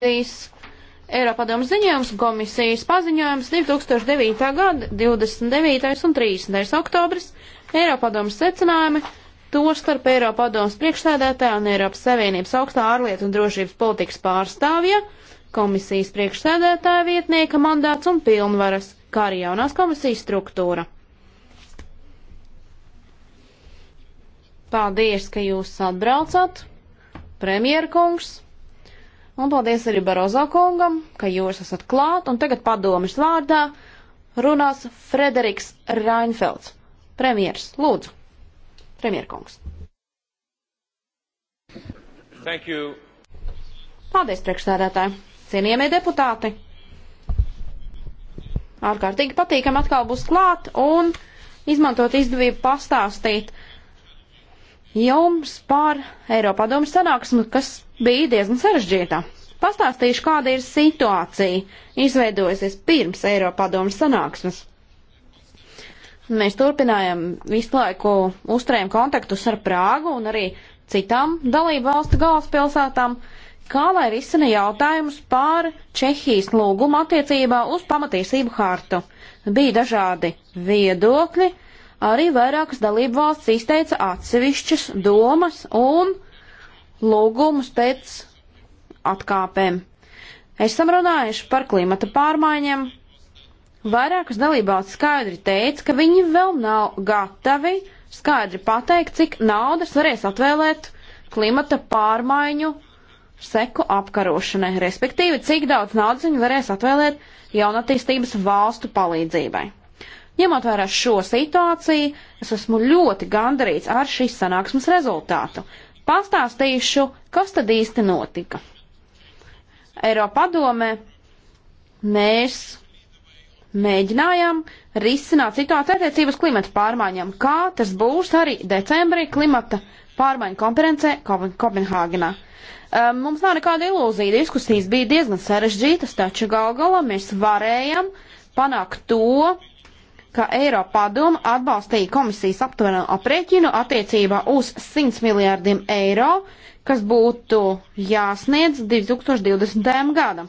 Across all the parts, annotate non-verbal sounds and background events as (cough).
Latvijas Eiropadomas ziņojums, komisijas paziņojums 2009. gada 29. un 30. oktobris, Eiropadomas secinājumi, to starp Eiropadomas priekšsēdētāja un Eiropas Savienības augstā ārlietu un drošības politikas pārstāvja, komisijas priekšsēdētāja vietnieka mandāts un pilnvaras, kā arī jaunās komisijas struktūra. Paldies, ka jūs atbraucat, premjerkungs! Un paldies arī Barozo kungam, ka jūs esat klāt. Un tagad padomis vārdā runās Frederiks Reinfelds, premjers. Lūdzu, premjerkungs. Paldies, priekšstādātāji. Cienījamie deputāti. Ārkārtīgi patīkam atkal būs klāt un izmantot izdevību pastāstīt jums par Eiropadomu sanāksmi, kas bija diezgan sarežģīta. Pastāstīšu, kāda ir situācija izveidojusies pirms Eiropadomu sanāksmes. Mēs turpinājām visu laiku uzturējām kontaktus ar Prāgu un arī citām dalību valstu galvaspilsētām, kā lai risina jautājumus pār Čehijas lūgumu attiecībā uz pamatiesību hartu. Bija dažādi viedokļi, uh, arī vairākas dalību valsts izteica atsevišķas domas un lūgumus pēc atkāpēm. Esam runājuši par klimata pārmaiņām. Vairākas dalībvalsts skaidri teica, ka viņi vēl nav gatavi skaidri pateikt, cik naudas varēs atvēlēt klimata pārmaiņu seku apkarošanai, respektīvi, cik daudz naudas viņi varēs atvēlēt jaunatīstības valstu palīdzībai. Ņemot vērā šo situāciju, es esmu ļoti gandarīts ar šīs sanāksmes rezultātu. Pastāstīšu, kas tad īsti notika. Eiropadome mēs mēģinājām risināt situāciju attiecības klimata pārmaiņām, kā tas būs arī decembrī klimata pārmaiņu konferencē Kopenhāgenā. Um, mums nav nekāda ilūzija, diskusijas bija diezgan sarežģītas, taču gal galā mēs varējam panākt to, ka Eiropa padoma atbalstīja komisijas aptuveno aprēķinu attiecībā uz 100 miljārdiem eiro, kas būtu jāsniedz 2020. gadam.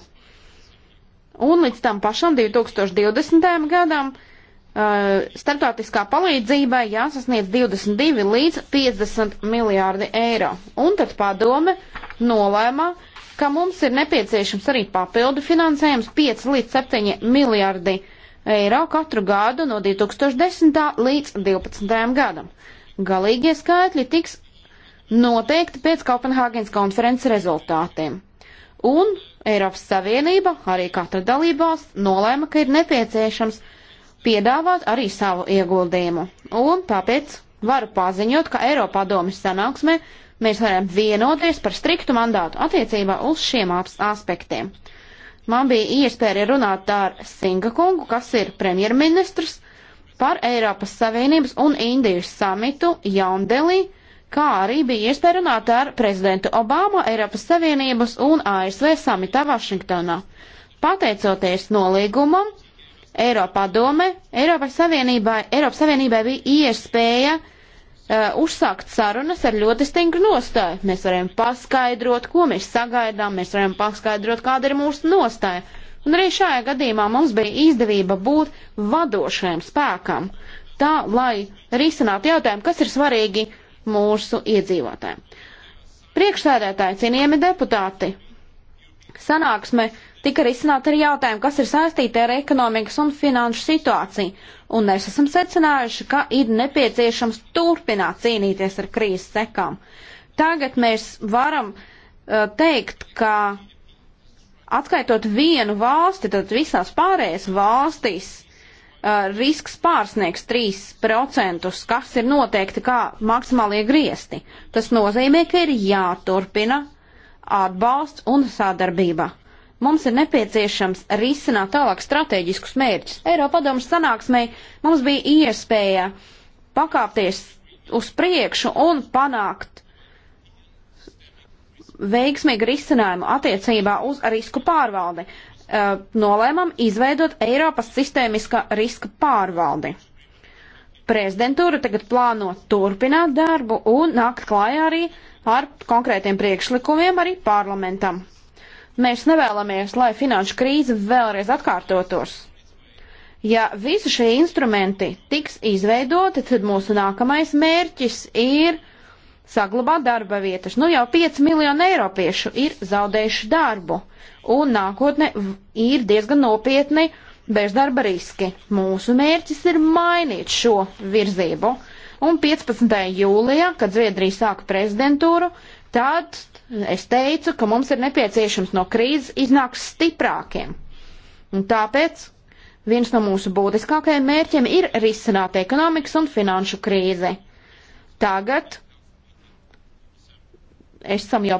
Un līdz tam pašam 2020. gadam uh, starptautiskā palīdzībai jāsasniedz 22 līdz 50 miljārdi eiro. Un tad padome nolēma, ka mums ir nepieciešams arī papildu finansējums 5 līdz 7 miljārdi eiro eiro katru gadu no 2010. līdz 2012. gadam. Galīgie skaitļi tiks noteikti pēc Kopenhāgenes konferences rezultātiem. Un Eiropas Savienība, arī katra dalībvalsts, nolēma, ka ir nepieciešams piedāvāt arī savu ieguldījumu. Un tāpēc varu paziņot, ka Eiropā domas sanāksmē mēs varam vienoties par striktu mandātu attiecībā uz šiem aspektiem man bija iespēja runāt ar Singa kungu, kas ir premjerministrs, par Eiropas Savienības un Indijas samitu Jaundelī, kā arī bija iespēja runāt ar prezidentu Obama Eiropas Savienības un ASV samitā Vašingtonā. Pateicoties nolīgumam, Eiropā dome, Eiropas Savienībai, Eiropas Savienībai bija iespēja uh, Eh, uzsākt sarunas ar ļoti stingru nostāju. Mēs varam paskaidrot, ko mēs sagaidām, mēs varam paskaidrot, kāda ir mūsu nostāja. Un arī šajā gadījumā mums bija izdevība būt vadošajam spēkam, tā lai risinātu jautājumu, kas ir svarīgi mūsu iedzīvotājiem. Priekšsēdētāji, cienījami deputāti, sanāksme tika risināt arī jautājumi, kas ir saistīti ar ekonomikas un finanšu situāciju, un mēs esam secinājuši, ka ir nepieciešams turpināt cīnīties ar krīzes sekām. Tagad mēs varam uh, teikt, ka atskaitot vienu valsti, tad visās pārējās valstīs uh, risks pārsniegs 3%, kas ir noteikti kā maksimālie griesti. Tas nozīmē, ka ir jāturpina atbalsts un sadarbība. Mums ir nepieciešams risināt tālāk strateģiskus mērķus. Eiropadomas sanāksmē mums bija iespēja pakāpties uz priekšu un panākt veiksmīgu risinājumu attiecībā uz risku pārvaldi. Uh, nolēmam izveidot Eiropas sistēmiska riska pārvaldi. Prezidentūra tagad plāno turpināt darbu un nākt klājā arī ar konkrētiem priekšlikumiem arī parlamentam. Mēs nevēlamies, lai finanšu krīze vēlreiz atkārtotos. Ja visi šie instrumenti tiks izveidoti, tad mūsu nākamais mērķis ir saglabāt darba vietas. Nu jau 5 miljoni eiropiešu ir zaudējuši darbu, un nākotne ir diezgan nopietni bezdarba riski. Mūsu mērķis ir mainīt šo virzību. Un 15. jūlijā, kad Zviedrija sāka prezidentūru, tad es teicu, ka mums ir nepieciešams no krīzes iznākt stiprākiem. Un tāpēc viens no mūsu būtiskākajiem mērķiem ir risināt ekonomikas un finanšu krīzi. Tagad esam jau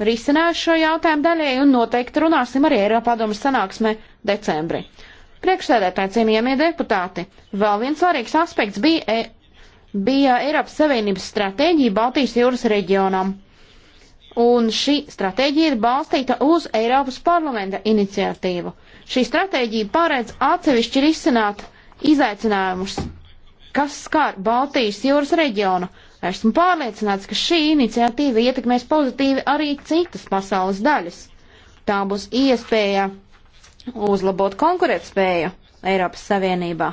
risinājuši šo jautājumu daļēji un noteikti runāsim arī Eiropadomas sanāksmē decembrī. Priekšsēdētāji, cienījamie deputāti, vēl viens svarīgs aspekts bija e bija Eiropas Savienības stratēģija Baltijas jūras reģionam. Un šī stratēģija ir balstīta uz Eiropas parlamenta iniciatīvu. Šī stratēģija paredz atsevišķi risināt izaicinājumus, kas skar Baltijas jūras reģionu. Esmu pārliecināts, ka šī iniciatīva ietekmēs pozitīvi arī citas pasaules daļas. Tā būs iespēja uzlabot konkurētspēju Eiropas Savienībā.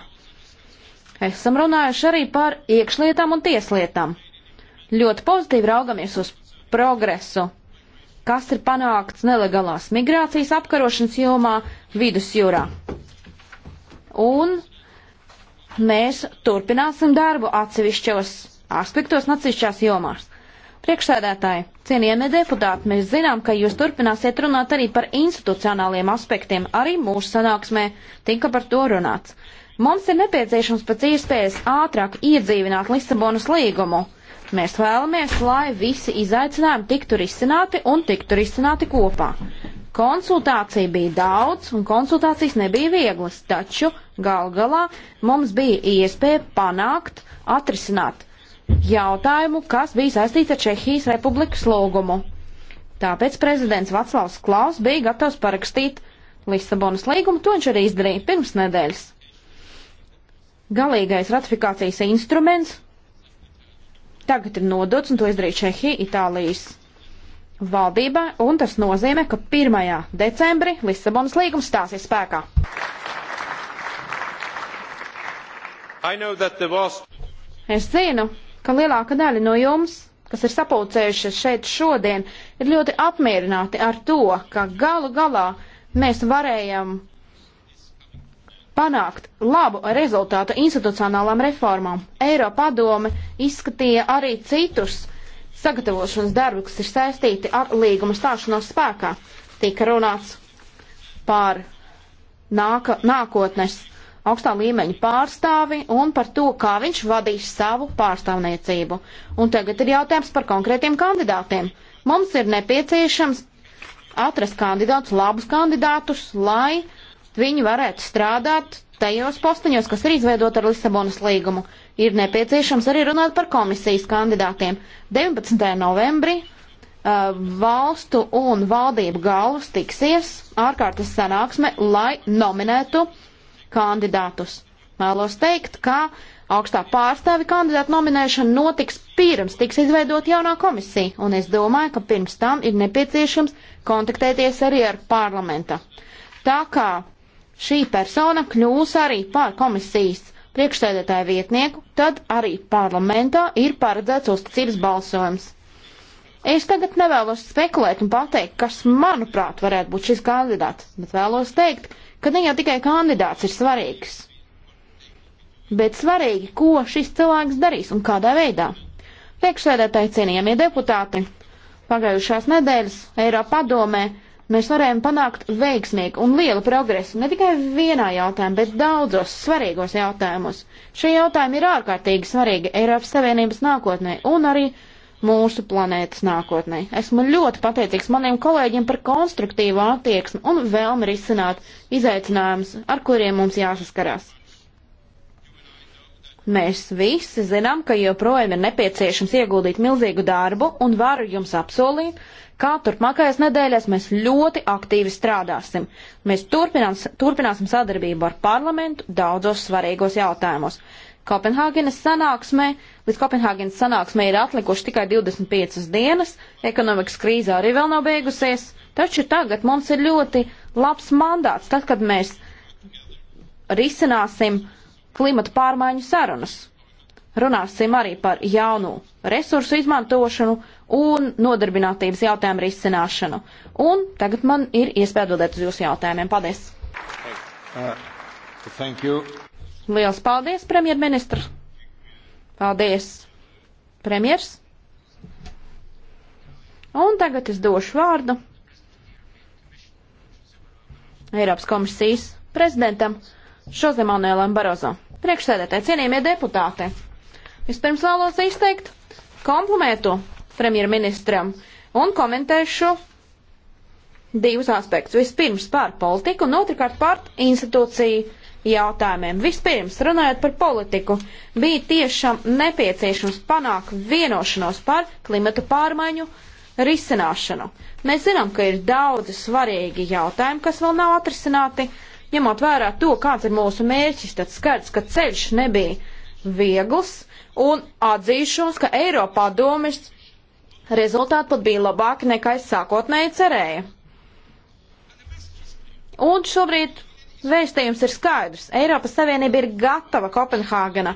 Esam runājuši arī par iekšlietām un tieslietām. Ļoti pozitīvi raugamies uz progresu, kas ir panākts nelegālās migrācijas apkarošanas jomā vidusjūrā. Un mēs turpināsim darbu atsevišķos aspektos un atsevišķās jomās. Priekšsēdētāji, cienījamie deputāti, mēs zinām, ka jūs turpināsiet runāt arī par institucionāliem aspektiem. Arī mūsu sanāksmē tika par to runāts. Mums ir nepieciešams pēc iespējas ātrāk iedzīvināt Lisabonas līgumu. Mēs vēlamies, lai visi izaicinājumi tiktu risināti un tiktu risināti kopā. Konsultācija bija daudz, un konsultācijas nebija vieglas, taču gal galā mums bija iespēja panākt, atrisināt jautājumu, kas bija saistīts ar Čehijas republikas lūgumu. Tāpēc prezidents Vaclavs Klaus bija gatavs parakstīt Lisabonas līgumu, to viņš arī izdarīja pirms nedēļas galīgais ratifikācijas instruments tagad ir nodots, un to izdarīja Čehija, Itālijas valdībā, un tas nozīmē, ka 1. decembrī Lisabonas līgums stāsies spēkā. Vast... Es zinu, ka lielāka daļa no jums, kas ir sapulcējušies šeit šodien, ir ļoti apmierināti ar to, ka galu galā mēs varējam panākt labu rezultātu institucionālām reformām. Eiropa padome izskatīja arī citus sagatavošanas darbu, kas ir saistīti ar līguma stāšanos spēkā. Tika runāts par nāka, nākotnes augstā līmeņa pārstāvi un par to, kā viņš vadīs savu pārstāvniecību. Un tagad ir jautājums par konkrētiem kandidātiem. Mums ir nepieciešams atrast kandidātus, labus kandidātus, lai uh, viņi varētu strādāt tajos posteņos, kas ir izveidot ar Lisabonas līgumu. Ir nepieciešams arī runāt par komisijas kandidātiem. 19. novembrī uh, valstu un valdību galvas tiksies ārkārtas sanāksme, lai nominētu kandidātus. Mēlos teikt, ka augstā pārstāvi kandidātu nominēšana notiks pirms tiks izveidot jaunā komisija, un es domāju, ka pirms tam ir nepieciešams kontaktēties arī ar parlamenta. Tā kā šī persona kļūs arī par komisijas priekšsēdētāju vietnieku, tad arī parlamentā ir paredzēts uzticības balsojums. Es tagad nevēlos spekulēt un pateikt, kas, manuprāt, varētu būt šis kandidāts, bet vēlos teikt, ka ne jau tikai kandidāts ir svarīgs, bet svarīgi, ko šis cilvēks darīs un kādā veidā. Priekšsēdētāji cienījamie deputāti, pagājušās nedēļas Eiropadomē mēs varējām panākt veiksmīgu un lielu progresu ne tikai vienā jautājumā, bet daudzos svarīgos jautājumos. Šie jautājumi ir ārkārtīgi svarīgi Eiropas Savienības nākotnē un arī mūsu planētas nākotnē. Esmu ļoti pateicīgs maniem kolēģiem par konstruktīvu attieksmi un vēlmi risināt izaicinājumus, ar kuriem mums jāsaskarās. Mēs visi zinām, ka joprojām ir nepieciešams ieguldīt milzīgu darbu un varu jums apsolīt, kā turpmākajās nedēļās mēs ļoti aktīvi strādāsim. Mēs turpinās, turpināsim sadarbību ar parlamentu daudzos svarīgos jautājumos. Kopenhāgenes sanāksmē, līdz Kopenhāgenes sanāksmē ir atlikuši tikai 25 dienas, ekonomikas krīze arī vēl nav beigusies, taču tagad mums ir ļoti labs mandāts, tad, kad mēs risināsim klimata pārmaiņu sarunas runāsim arī par jaunu resursu izmantošanu un nodarbinātības jautājumu risināšanu. Un tagad man ir iespēja atbildēt uz jūsu jautājumiem. Paldies! Uh, Liels paldies, premjerministra! Paldies, premjers! Un tagad es došu vārdu Eiropas komisijas prezidentam Šozemanēlam Barozo. Priekšsēdētāji, cienījamie deputāti! Vispirms vēlos izteikt komplimentu premjerministram un komentēšu divus aspektus. Vispirms par politiku un otrkārt par institūciju jautājumiem. Vispirms, runājot par politiku, bija tiešām nepieciešams panākt vienošanos par klimatu pārmaiņu risināšanu. Mēs zinām, ka ir daudzi svarīgi jautājumi, kas vēl nav atrisināti. Ņemot vērā to, kāds ir mūsu mērķis, tad skaidrs, ka ceļš nebija viegls un atzīšos, ka Eiropā domas rezultāti pat bija labāki nekā es sākotnēji cerēju. Un šobrīd vēstījums ir skaidrs. Eiropas Savienība ir gatava Kopenhāgena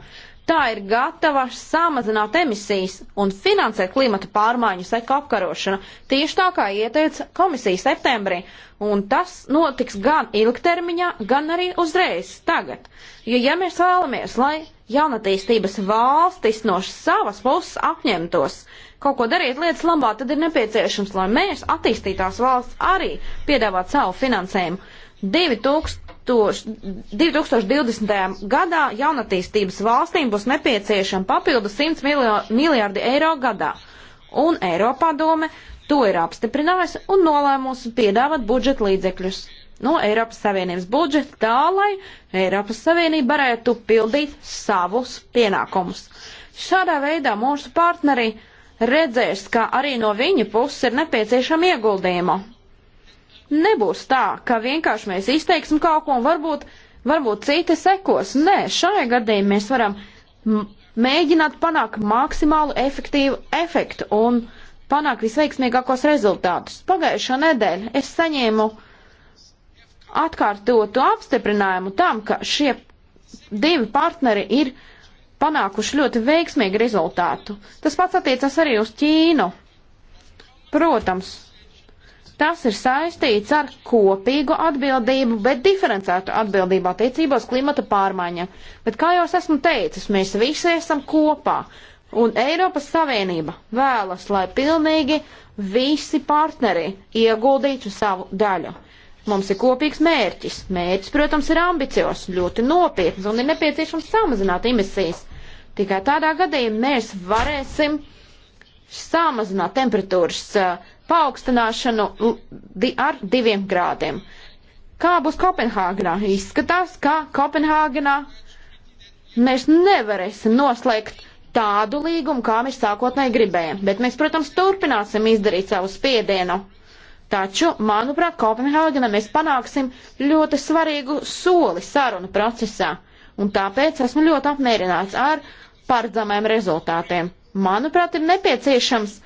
tā ir gatava samazināt emisijas un finansēt klimata pārmaiņu seku apkarošanu, tieši tā kā ieteica komisija septembrī. Un tas notiks gan ilgtermiņā, gan arī uzreiz tagad. Jo ja mēs vēlamies, lai jaunatīstības valstis no savas puses apņemtos kaut ko darīt lietas labā, tad ir nepieciešams, lai mēs attīstītās valsts arī piedāvātu savu finansējumu. 2000, 2020. gadā jaunatīstības valstīm būs nepieciešama papildu 100 miljārdi eiro gadā. Un Eiropā dome to ir apstiprinājusi un nolēmusi piedāvāt budžeta līdzekļus no Eiropas Savienības budžeta tā, lai Eiropas Savienība varētu pildīt savus pienākumus. Šādā veidā mūsu partneri redzēs, ka arī no viņa puses ir nepieciešama ieguldījuma Nebūs tā, ka vienkārši mēs izteiksim kaut ko un varbūt, varbūt citi sekos. Nē, šajā gadījumā mēs varam mēģināt panākt maksimālu efektīvu efektu un panākt visveiksmīgākos rezultātus. Pagājušo nedēļu es saņēmu atkārtotu apstiprinājumu tam, ka šie divi partneri ir panākuši ļoti veiksmīgu rezultātu. Tas pats attiecas arī uz Ķīnu. Protams, Tas ir saistīts ar kopīgu atbildību, bet diferencētu atbildību attiecībos klimata pārmaiņa. Bet kā jau es esmu teicis, mēs visi esam kopā. Un Eiropas Savienība vēlas, lai pilnīgi visi partneri ieguldītu savu daļu. Mums ir kopīgs mērķis. Mērķis, protams, ir ambiciozs, ļoti nopietns un ir nepieciešams samazināt emisijas. Tikai tādā gadījumā mēs varēsim samazināt temperatūras uh, paaugstināšanu di ar diviem grādiem. Kā būs Kopenhāgenā? Izskatās, ka Kopenhāgenā mēs nevarēsim noslēgt tādu līgumu, kā mēs sākotnēji gribējām, bet mēs, protams, turpināsim izdarīt savu spiedienu. Taču, manuprāt, Kopenhāgenā mēs panāksim ļoti svarīgu soli sarunu procesā, un tāpēc esmu ļoti apmierināts ar paredzamajiem rezultātiem. Manuprāt, ir nepieciešams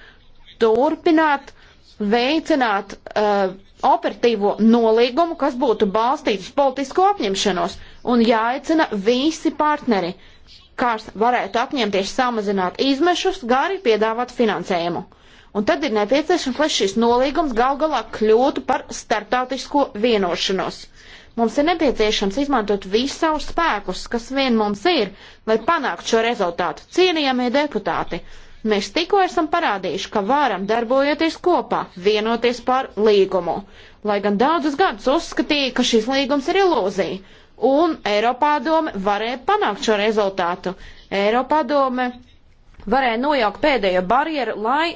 turpināt veicināt uh, operatīvo nolīgumu, kas būtu balstīts uz politisko apņemšanos un jāaicina visi partneri, kas varētu apņemties samazināt izmešus, kā arī piedāvāt finansējumu. Un tad ir nepieciešams, lai šis nolīgums gal galā kļūtu par starptautisko vienošanos. Mums ir nepieciešams izmantot visus savus spēkus, kas vien mums ir, lai panāktu šo rezultātu. Cienījamie deputāti, uh, Mēs tikko esam parādījuši, ka varam darbojoties kopā, vienoties par līgumu. Lai gan daudzus gadus uzskatīja, ka šis līgums ir ilūzija, un Eiropā doma varēja panākt šo rezultātu. Eiropā doma varēja nojaukt pēdējo barjeru, lai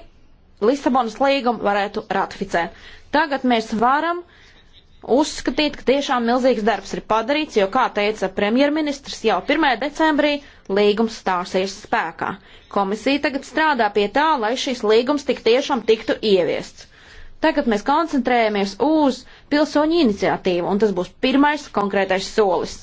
Lisabonas līgumu varētu ratificēt. Tagad mēs varam uh, uzskatīt, ka tiešām milzīgs darbs ir padarīts, jo, kā teica premjerministrs, jau 1. decembrī līgums stāsies spēkā. Komisija tagad strādā pie tā, lai šis līgums tik tiešām tiktu ieviests. Tagad mēs koncentrējamies uz pilsoņu iniciatīvu, un tas būs pirmais konkrētais solis.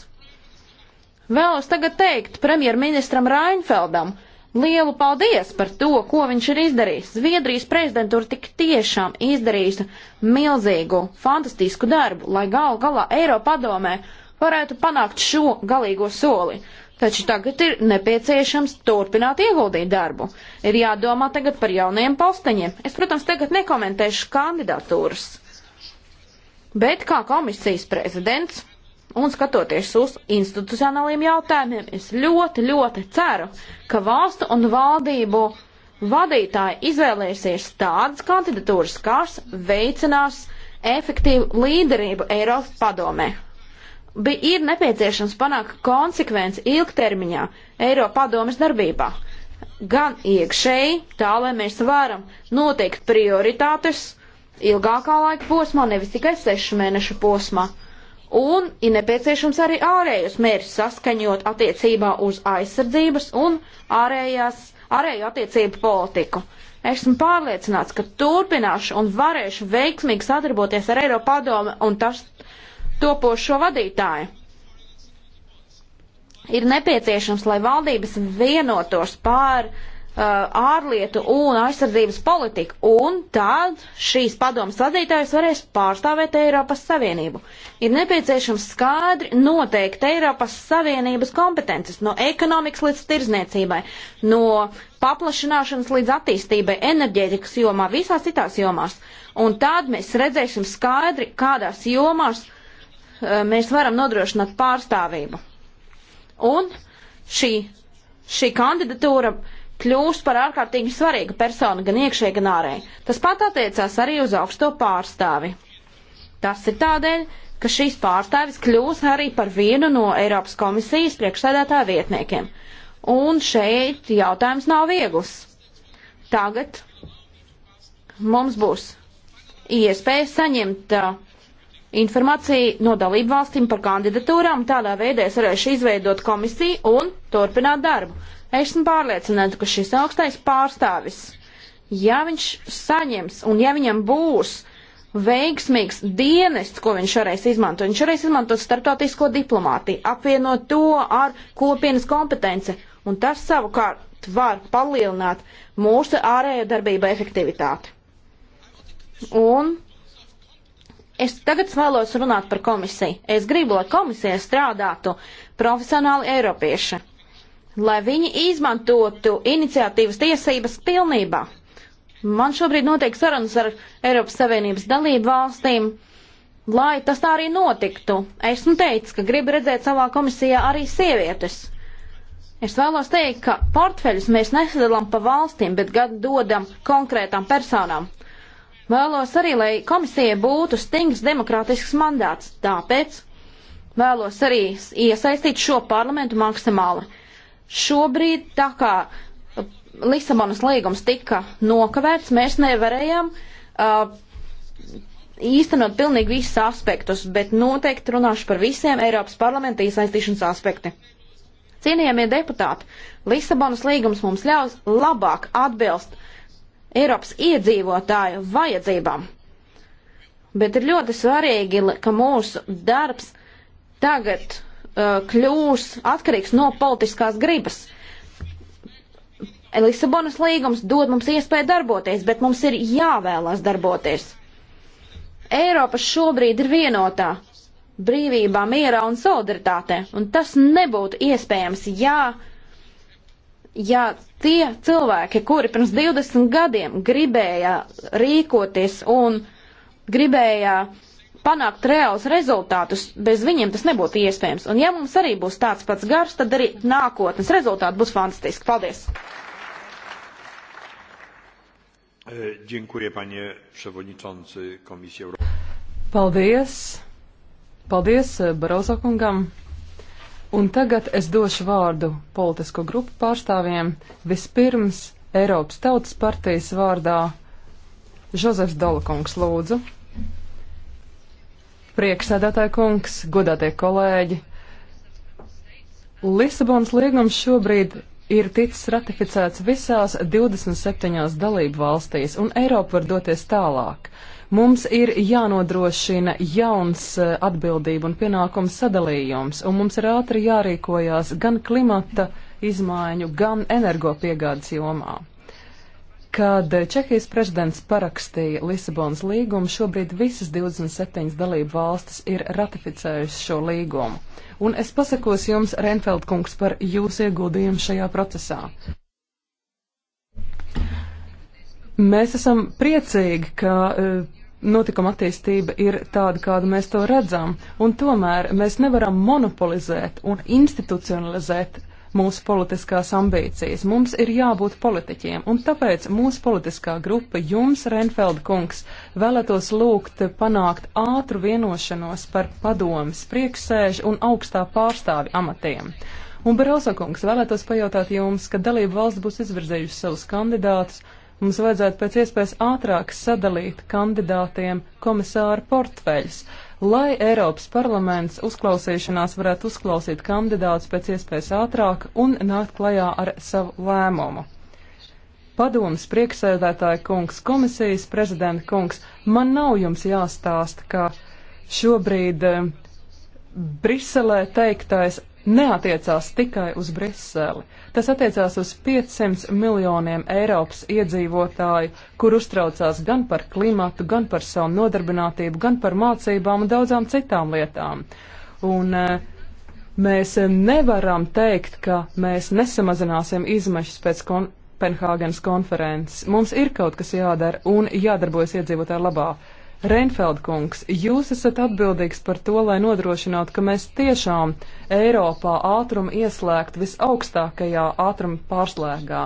Vēlos tagad teikt premjerministram Rainfeldam, lielu paldies par to, ko viņš ir izdarījis. Zviedrijas prezidentūra tik tiešām izdarījusi milzīgu, fantastisku darbu, lai gal galā Eiropadomē varētu panākt šo galīgo soli. Taču tagad ir nepieciešams turpināt ieguldīt darbu. Ir jādomā tagad par jaunajiem posteņiem. Es, protams, tagad nekomentēšu kandidatūras. Bet kā komisijas prezidents Un skatoties uz institucionāliem jautājumiem, es ļoti, ļoti ceru, ka valstu un valdību vadītāji izvēlēsies tādas kandidatūras, kas veicinās efektīvu līderību Eiropas padomē. Bi ir nepieciešams panākt konsekvenci ilgtermiņā Eiropas padomes darbībā, gan iekšēji, tā lai mēs varam noteikt prioritātes ilgākā laika posmā, nevis tikai sešu mēnešu posmā un ir nepieciešams arī ārējos mērķus saskaņot attiecībā uz aizsardzības un ārējās, ārējo attiecību politiku. Esmu pārliecināts, ka turpināšu un varēšu veiksmīgi sadarboties ar Eiropa padomu un tas topošo vadītāju. Ir nepieciešams, lai valdības vienotos pār uh, Uh, ārlietu un aizsardzības politiku, un tad šīs padomas vadītājs varēs pārstāvēt Eiropas Savienību. Ir nepieciešams skaidri noteikt Eiropas Savienības kompetences no ekonomikas līdz tirzniecībai, no paplašināšanas līdz attīstībai, enerģētikas jomā, visās citās jomās. Un tad mēs redzēsim skaidri, kādās jomās uh, mēs varam nodrošināt pārstāvību. Un šī, šī kandidatūra uh, kļūst par ārkārtīgi svarīgu personu gan iekšē, gan ārē. Tas pat attiecās arī uz augsto pārstāvi. Tas ir tādēļ, ka šīs pārstāvis kļūs arī par vienu no Eiropas komisijas priekšsēdētāja vietniekiem. Un šeit jautājums nav viegls. Tagad mums būs iespēja saņemt uh, informāciju no dalību valstīm par kandidatūrām, tādā veidā es varēšu izveidot komisiju un turpināt darbu. Esmu pārliecināta, ka šis augstais pārstāvis, ja viņš saņems un ja viņam būs veiksmīgs dienests, ko viņš varēs izmantot, viņš varēs izmantot starptautisko diplomātiju, apvienot to ar kopienas kompetenci, un tas savukārt var palielināt mūsu ārējo darbību efektivitāti. Un Es tagad vēlos runāt par komisiju. Es gribu, lai komisija strādātu profesionāli Eiropieši, lai viņi izmantotu iniciatīvas tiesības pilnībā. Man šobrīd notiek sarunas ar Eiropas Savienības dalību valstīm, lai tas tā arī notiktu. Esmu teicis, ka gribu redzēt savā komisijā arī sievietes. Es vēlos teikt, ka portfeļus mēs nesadalām pa valstīm, bet gan dodam konkrētām personām. Vēlos arī, lai komisija būtu stingrs demokrātisks mandāts, tāpēc vēlos arī iesaistīt šo parlamentu maksimāli. Šobrīd, tā kā Lisabonas līgums tika nokavēts, mēs nevarējām uh, īstenot pilnīgi visus aspektus, bet noteikti runāšu par visiem Eiropas parlamenta iesaistīšanas aspekti. Cienījamie deputāti, Lisabonas līgums mums ļaus labāk atbilst Eiropas iedzīvotāju vajadzībām. Bet ir ļoti svarīgi, ka mūsu darbs tagad uh, kļūs atkarīgs no politiskās gribas. Lisabonas līgums dod mums iespēju darboties, bet mums ir jāvēlās darboties. Eiropa šobrīd ir vienotā brīvībā, mierā un solidaritātē, un tas nebūtu iespējams, ja ja tie cilvēki, kuri pirms 20 gadiem gribēja rīkoties un gribēja panākt reālus rezultātus, bez viņiem tas nebūtu iespējams. Un ja mums arī būs tāds pats gars, tad arī nākotnes rezultāti būs fantastiski. Paldies! E, dziękuję, panie przewodniczący Komisji Europejskiej. Paldies! Paldies e, Barozokungam! Un tagad es došu vārdu politisko grupu pārstāvjiem. Vispirms Eiropas Tautas partijas vārdā Žozefs Dolakungs lūdzu. Prieksēdētāja kungs, godātie kolēģi. Lisabonas liegums šobrīd ir ticis ratificēts visās 27 dalību valstīs, un Eiropa var doties tālāk. Mums ir jānodrošina jauns eh, atbildību un pienākumu sadalījums, un mums ir ātri jārīkojās gan klimata izmaiņu, gan energopiegādes jomā. Kad Čehijas prezidents parakstīja Lisabonas līgumu, šobrīd visas 27 dalību valstis ir ratificējušas šo līgumu. Un es pasakos jums, Renfeld kungs, par jūsu ieguldījumu šajā procesā. Mēs esam priecīgi, ka uh, notikuma attīstība ir tāda, kādu mēs to redzam, un tomēr mēs nevaram monopolizēt un institucionalizēt mūsu politiskās ambīcijas. Mums ir jābūt politiķiem, un tāpēc mūsu politiskā grupa jums, Renfeld kungs, vēlētos lūgt panākt ātru vienošanos par padomas, priekšsēžu un augstā pārstāvi amatiem. Un, Barelso kungs, vēlētos pajautāt jums, ka dalību valsts būs izvirzējusi savus kandidātus, Mums vajadzētu pēc iespējas ātrāk sadalīt kandidātiem komisāru portfeļus, lai Eiropas parlaments uzklausīšanās varētu uzklausīt kandidātus pēc iespējas ātrāk un nākt klajā ar savu lēmumu. Padomas priekšsēdētāja kungs, komisijas prezidenta kungs, man nav jums jāstāsta, ka šobrīd eh, Briselē teiktais neatiecās tikai uz Briseli. Tas attiecās uz 500 miljoniem Eiropas iedzīvotāju, kur uztraucās gan par klimatu, gan par savu nodarbinātību, gan par mācībām un daudzām citām lietām. Un, eh, mēs nevaram teikt, ka mēs nesamazināsim izmešas pēc kon Penhāgenes konferences. Mums ir kaut kas jādara un jādarbojas iedzīvotāju labā. Reinfeldkungs, jūs esat atbildīgs par to, lai nodrošinātu, ka mēs tiešām Eiropā ātrumu ieslēgt visaugstākajā ātruma pārslēgā.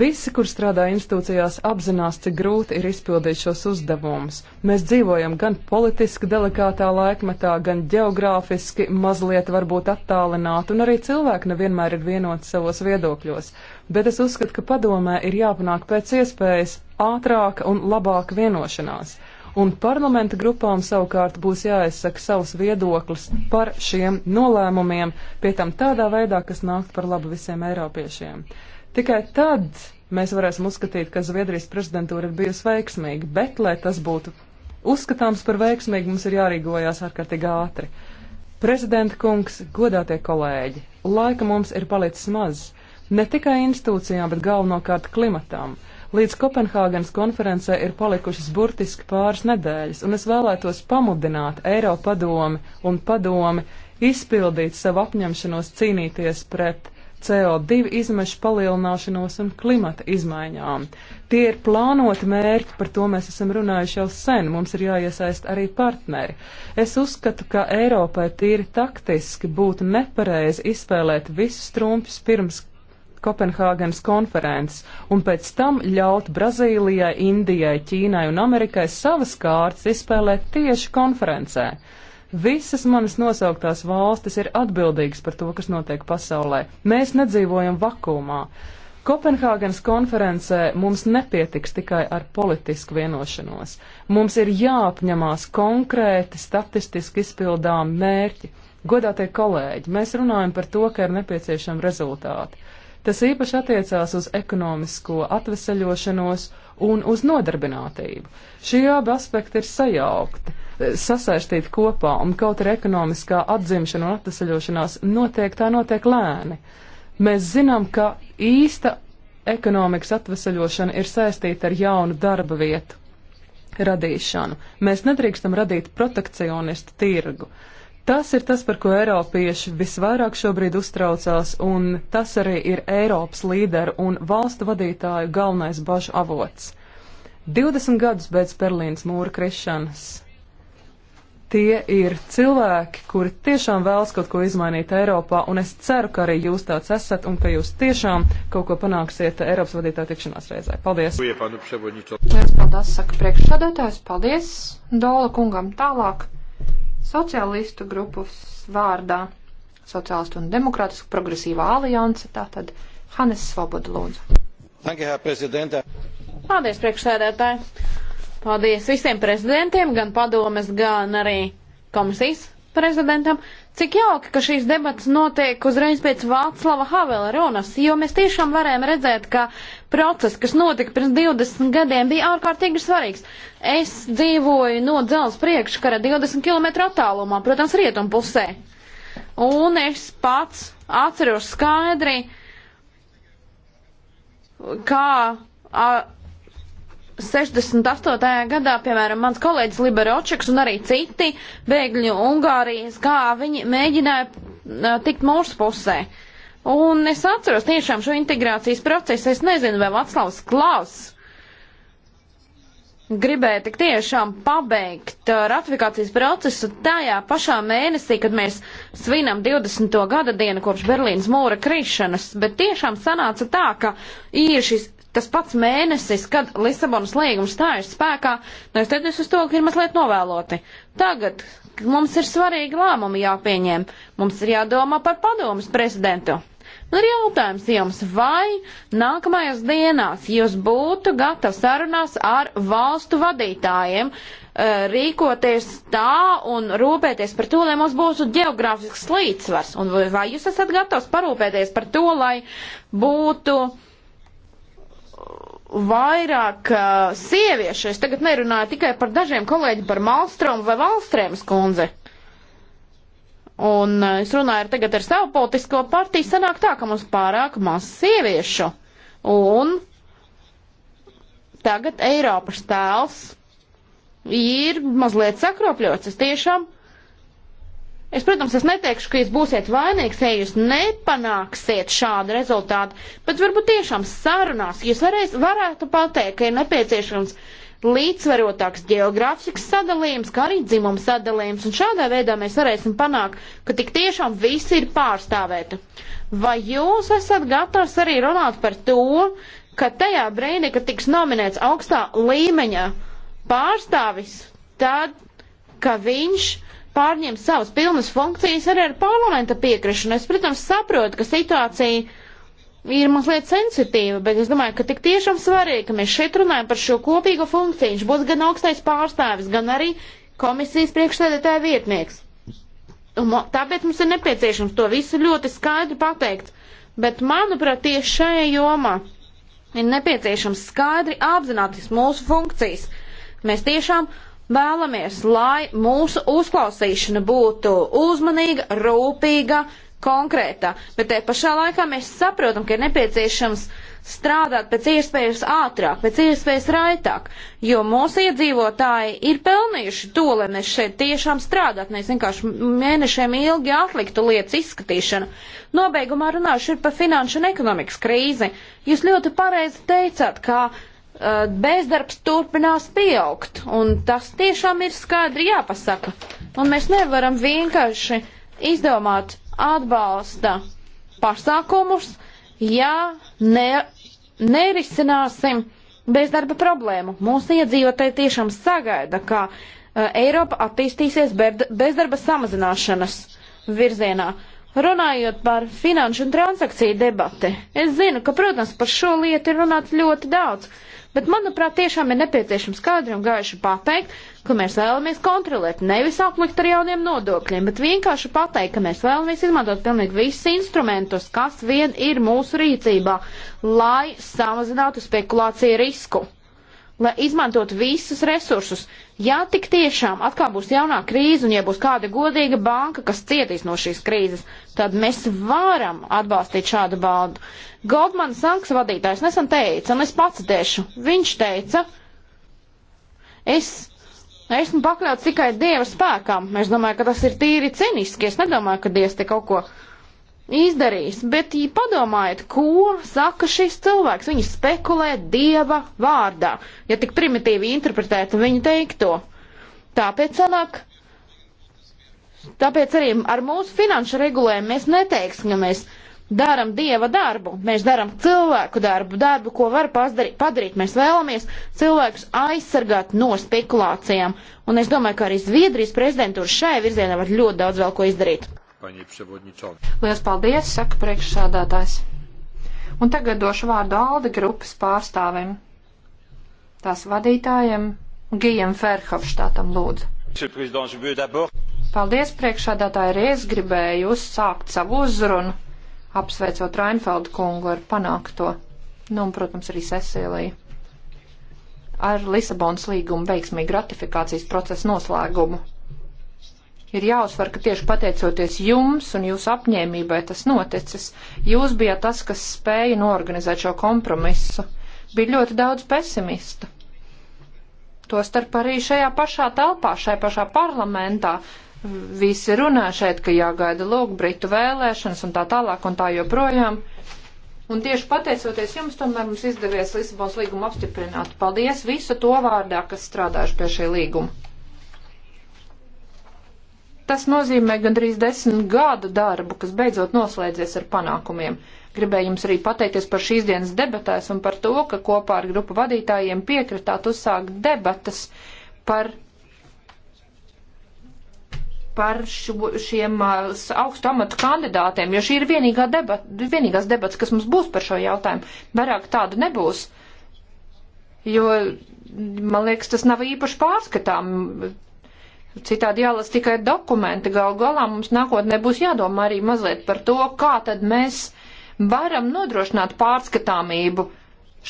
Visi, kur strādā institūcijās, apzinās, cik grūti ir izpildīt šos uzdevumus. Mēs dzīvojam gan politiski delikātā laikmetā, gan geogrāfiski mazliet varbūt attālināti, un arī cilvēki nevienmēr ir vienoti savos viedokļos. Bet es uzskatu, ka padomē ir jāpanāk pēc iespējas ātrāka un labāka vienošanās un parlamenta grupām savukārt būs jāizsaka savs viedoklis par šiem nolēmumiem, pie tam tādā veidā, kas nāk par labu visiem eiropiešiem. Tikai tad mēs varēsim uzskatīt, ka Zviedrijas prezidentūra ir bijusi veiksmīga, bet, lai tas būtu uzskatāms par veiksmīgu, mums ir jārīkojās ārkārtīgi ātri. Prezidenta kungs, godātie kolēģi, laika mums ir palicis maz. Ne tikai institūcijām, bet galvenokārt klimatām. Līdz Kopenhāgenes konferencē ir palikušas burtiski pāris nedēļas, un es vēlētos pamudināt Eiropadomi un padomi izpildīt savu apņemšanos cīnīties pret CO2 izmešu palielināšanos un klimata izmaiņām. Tie ir plānoti mērķi, par to mēs esam runājuši jau sen, mums ir jāiesaist arī partneri. Es uzskatu, ka Eiropai tīri taktiski būtu nepareizi izspēlēt visus trumpus pirms Kopenhāgenes konferences un pēc tam ļaut Brazīlijai, Indijai, Ķīnai un Amerikai savas kārtas izspēlēt tieši konferencē. Visas manas nosauktās valstis ir atbildīgas par to, kas notiek pasaulē. Mēs nedzīvojam vakumā. Kopenhāgenes konferencē mums nepietiks tikai ar politisku vienošanos. Mums ir jāapņemās konkrēti statistiski izpildām mērķi. Godātie kolēģi, mēs runājam par to, ka ir nepieciešami rezultāti. Tas īpaši attiecās uz ekonomisko atveseļošanos un uz nodarbinātību. Šie abi aspekti ir sajaukti sasaistīt kopā, un kaut arī ekonomiskā atzimšana un atvesaļošanās notiek, tā notiek lēni. Mēs zinām, ka īsta ekonomikas atvesaļošana ir saistīta ar jaunu darba vietu radīšanu. Mēs nedrīkstam radīt protekcionistu tirgu. Tas ir tas, par ko Eiropieši visvairāk šobrīd uztraucās, un tas arī ir Eiropas līderu un valstu vadītāju galvenais bažu avots. 20 gadus pēc Berlīnas mūra krišanas Tie ir cilvēki, kuri tiešām vēlas kaut ko izmainīt Eiropā, un es ceru, ka arī jūs tāds esat un ka jūs tiešām kaut ko panāksiet Eiropas vadītāju tikšanās reizē. Paldies! Lielas paldies, saka priekšsādātājs. Paldies Dola kungam tālāk sociālistu grupas vārdā. Sociālistu un demokrātisku progresīvā alianse, tātad Hannes Svoboda lūdzu. Paldies, priekšsēdētāji! Paldies visiem prezidentiem, gan padomes, gan arī komisijas prezidentam. Cik jauki, ka šīs debatas notiek uzreiz pēc Vāclava Havela runas, jo mēs tiešām varējām redzēt, ka process, kas notika pirms 20 gadiem, bija ārkārtīgi svarīgs. Es dzīvoju no dzels priekškara 20 km attālumā, protams, rietum pusē. Un es pats atceros skaidri, kā a, 68. gadā, piemēram, mans kolēģis Liberočeks un arī citi bēgļu Ungārijas, kā viņi mēģināja tikt mūsu pusē. Un es atceros tiešām šo integrācijas procesu, es nezinu, vai Vaclavs Klaus gribēja tik tiešām pabeigt ratifikācijas procesu tajā pašā mēnesī, kad mēs svinam 20. gada dienu kopš Berlīnas mūra krišanas, bet tiešām sanāca tā, ka ir šis tas pats mēnesis, kad Lisabonas līgums stājas spēkā, nu es teicu, uz to ir mazliet novēloti. Tagad mums ir svarīgi lēmumi jāpieņem, mums ir jādomā par padomus prezidentu. Nu, ir jautājums jums, vai nākamajās dienās jūs būtu gatavi sarunās ar valstu vadītājiem, eh, rīkoties tā un rūpēties par to, lai mums būtu geogrāfisks līdzsvars, un vai jūs esat gatavs parūpēties par to, lai būtu uh, vairāk uh, sieviešu. Es tagad nerunāju tikai par dažiem kolēģiem, par Malstromu vai Valstrēmas kundzi. Un uh, es runāju ar tagad ar savu politisko partiju, sanāk tā, ka mums pārāk maz sieviešu. Un tagad Eiropas tēls ir mazliet sakropļots. Es tiešām Es, protams, es neteikšu, ka jūs būsiet vainīgs, ja jūs nepanāksiet šādu rezultātu, bet varbūt tiešām sarunās jūs varēs, varētu pateikt, ka ir nepieciešams līdzsvarotāks geogrāfisks sadalījums, kā arī dzimuma sadalījums, un šādā veidā mēs varēsim panākt, ka tik tiešām visi ir pārstāvēti. Vai jūs esat gatavs arī runāt par to, ka tajā brīdī, kad tiks nominēts augstā līmeņa pārstāvis, tad, ka viņš pārņem savas pilnas funkcijas arī ar parlamenta piekrišanu. Es, protams, saprotu, ka situācija ir mazliet sensitīva, bet es domāju, ka tik tiešām svarīgi, ka mēs šeit runājam par šo kopīgo funkciju. Viņš būs gan augstais pārstāvis, gan arī komisijas priekšsēdētāja vietnieks. Un tāpēc mums ir nepieciešams to visu ļoti skaidri pateikt. Bet, manuprāt, tieši šajā jomā ir nepieciešams skaidri apzināties mūsu funkcijas. Mēs tiešām Vēlamies, lai mūsu uzklausīšana būtu uzmanīga, rūpīga, konkrēta, bet te pašā laikā mēs saprotam, ka ir nepieciešams strādāt pēc iespējas ātrāk, pēc iespējas raitāk, jo mūsu iedzīvotāji ir pelnījuši to, lai mēs šeit tiešām strādātu, nevis vienkārši mēnešiem ilgi atliktu lietas izskatīšanu. Nobeigumā runāšu ir par finanšu un ekonomikas krīzi. Jūs ļoti pareizi teicāt, ka Uh, bezdarbs turpinās pieaugt, un tas tiešām ir skaidri jāpasaka. Un mēs nevaram vienkārši izdomāt atbalsta pasākumus, ja ne, nerisināsim bezdarba problēmu. Mūsu iedzīvotāji tiešām sagaida, ka uh, Eiropa attīstīsies bezdarba samazināšanas virzienā. Runājot par finanšu un transakciju debati, es zinu, ka, protams, par šo lietu ir runāts ļoti daudz. Uh, Bet, manuprāt, tiešām ir nepieciešams skaidri un gaiši pateikt, ka mēs vēlamies kontrolēt, nevis aplikt ar jauniem nodokļiem, bet vienkārši pateikt, ka mēs vēlamies izmantot pilnīgi visus instrumentus, kas vien ir mūsu rīcībā, lai samazinātu spekulāciju risku lai izmantotu visus resursus. Ja tik tiešām atkal būs jaunā krīze un ja būs kāda godīga banka, kas cietīs no šīs krīzes, tad mēs varam atbalstīt šādu baldu. Goldman Sachs vadītājs nesen teica, un es pats tiešu, viņš teica, es esmu pakļauts tikai Dieva spēkām. Es domāju, ka tas ir tīri ciniski, es nedomāju, ka Dievs te kaut ko izdarījis, bet ja padomājiet, ko saka šis cilvēks. Viņš spekulē dieva vārdā, ja tik primitīvi interpretētu viņa teikto. Tāpēc sanāk, tāpēc arī ar mūsu finanšu regulējumu mēs neteiksim, ka mēs darām dieva darbu, mēs darām cilvēku darbu, darbu, ko var pazdarīt, padarīt. Mēs vēlamies cilvēkus aizsargāt no spekulācijām, un es domāju, ka arī Zviedrijas prezidentūra šai virzienā var ļoti daudz vēl ko izdarīt. Lielas paldies, saka priekšsādātājs. Un tagad došu vārdu Alde grupas pārstāvim, tās vadītājiem Gijam Ferhofštātam lūdzu. Paldies, priekšādātāji, arī es gribēju uzsākt savu uzrunu, apsveicot Reinfeldu kungu ar panākto, nu un, protams, arī Ceciliju ar Lisabonas līguma veiksmīgu ratifikācijas procesu noslēgumu. Ir jāuzsver, ka tieši pateicoties jums un jūsu apņēmībai tas noticis. Jūs bijat tas, kas spēja norganizēt šo kompromisu. Bija ļoti daudz pesimistu. Tostarp arī šajā pašā telpā, šajā pašā parlamentā visi runā šeit, ka jāgaida lūk Britu vēlēšanas un tā tālāk un tā joprojām. Un tieši pateicoties jums, tomēr mums izdevies Lisabons līgumu apstiprināt. Paldies visu to vārdā, kas strādājuši pie šī līguma. Tas nozīmē gandrīz desmit gadu darbu, kas beidzot noslēdzies ar panākumiem. Gribēju jums arī pateikties par šīs dienas debatēs un par to, ka kopā ar grupu vadītājiem piekritāt uzsākt debatas par par šo, šiem uh, augstu amatu kandidātiem, jo šī ir vienīgā debat, vienīgās debats, kas mums būs par šo jautājumu. Vairāk tādu nebūs, jo, man liekas, tas nav īpaši pārskatām. Citādi jālas tikai dokumenti. Gal galā mums nākotnē būs jādomā arī mazliet par to, kā tad mēs varam nodrošināt pārskatāmību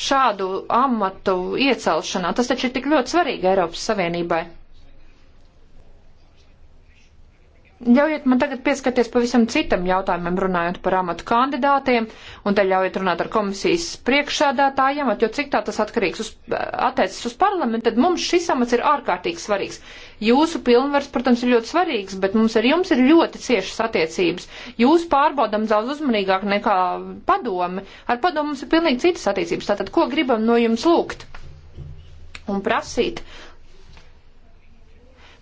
šādu amatu iecelšanā. Tas taču ir tik ļoti svarīgi Eiropas Savienībai. Ļaujiet man tagad pieskarties pavisam citam jautājumam, runājot par amatu kandidātiem, un te ļaujiet runāt ar komisijas priekšsādātājiem, jo cik tā tas atkarīgs uz, attiecis uz parlamentu, tad mums šis amats ir ārkārtīgi svarīgs. Jūsu pilnvars, protams, ir ļoti svarīgs, bet mums ar jums ir ļoti ciešas attiecības. Jūs pārbaudam daudz uzmanīgāk nekā padomi. Ar padomu mums ir pilnīgi citas attiecības. Tātad, ko gribam no jums lūgt? Un prasīt,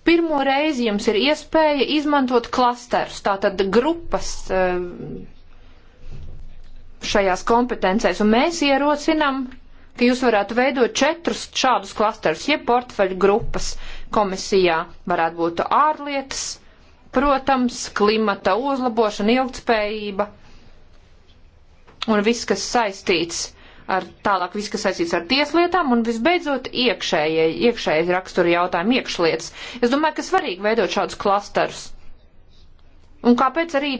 Pirmo reizi jums ir iespēja izmantot klasterus, tātad grupas eh, šajās kompetencēs, un mēs ierosinam, ka jūs varētu veidot četrus šādus klasterus, jeb portfeļu grupas komisijā. Varētu būt ārlietas, protams, klimata uzlabošana, ilgtspējība un viss, kas saistīts ar tālāk viss, kas saistīts ar tieslietām, un visbeidzot iekšējie, iekšējie rakstura jautājumi, iekšlietas. Es domāju, ka svarīgi veidot šādus klastarus. Un kāpēc arī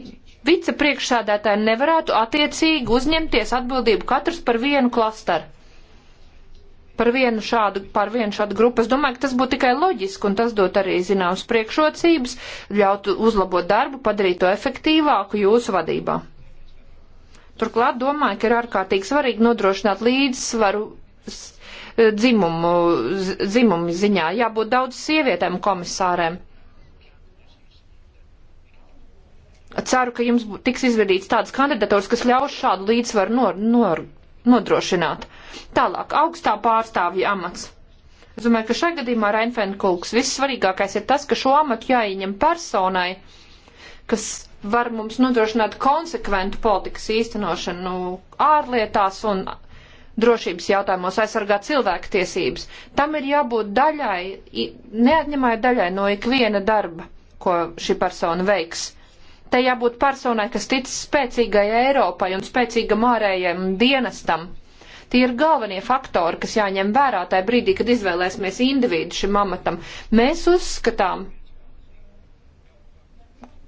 vicepriekšsādētāji nevarētu attiecīgi uzņemties atbildību katrs par vienu klasteru? Par vienu, šādu, par vienu šādu grupu. Es domāju, ka tas būtu tikai loģiski un tas dot arī zināmas priekšrocības, ļautu uzlabot darbu, padarīt to efektīvāku jūsu vadībā. Turklāt domāju, ka ir ārkārtīgi svarīgi nodrošināt līdzsvaru e, dzimumu, dzimumu ziņā. Jābūt daudz sievietēm komisārēm. Ceru, ka jums tiks izvedīts tāds kandidators, kas ļaus šādu līdzsvaru nor, nor, nodrošināt. Tālāk, augstā pārstāvja amats. Es domāju, ka šajā gadījumā Reinfeldkungs vissvarīgākais ir tas, ka šo amatu jāieņem personai, kas var mums nodrošināt konsekventu politikas īstenošanu nu, ārlietās un drošības jautājumos aizsargāt cilvēku tiesības. Tam ir jābūt daļai, neatņemai daļai no ikviena darba, ko šī persona veiks. Te jābūt personai, kas tic spēcīgai Eiropai un spēcīgam ārējiem dienestam. Tie ir galvenie faktori, kas jāņem vērā tajā brīdī, kad izvēlēsimies individu šim amatam. Mēs uzskatām,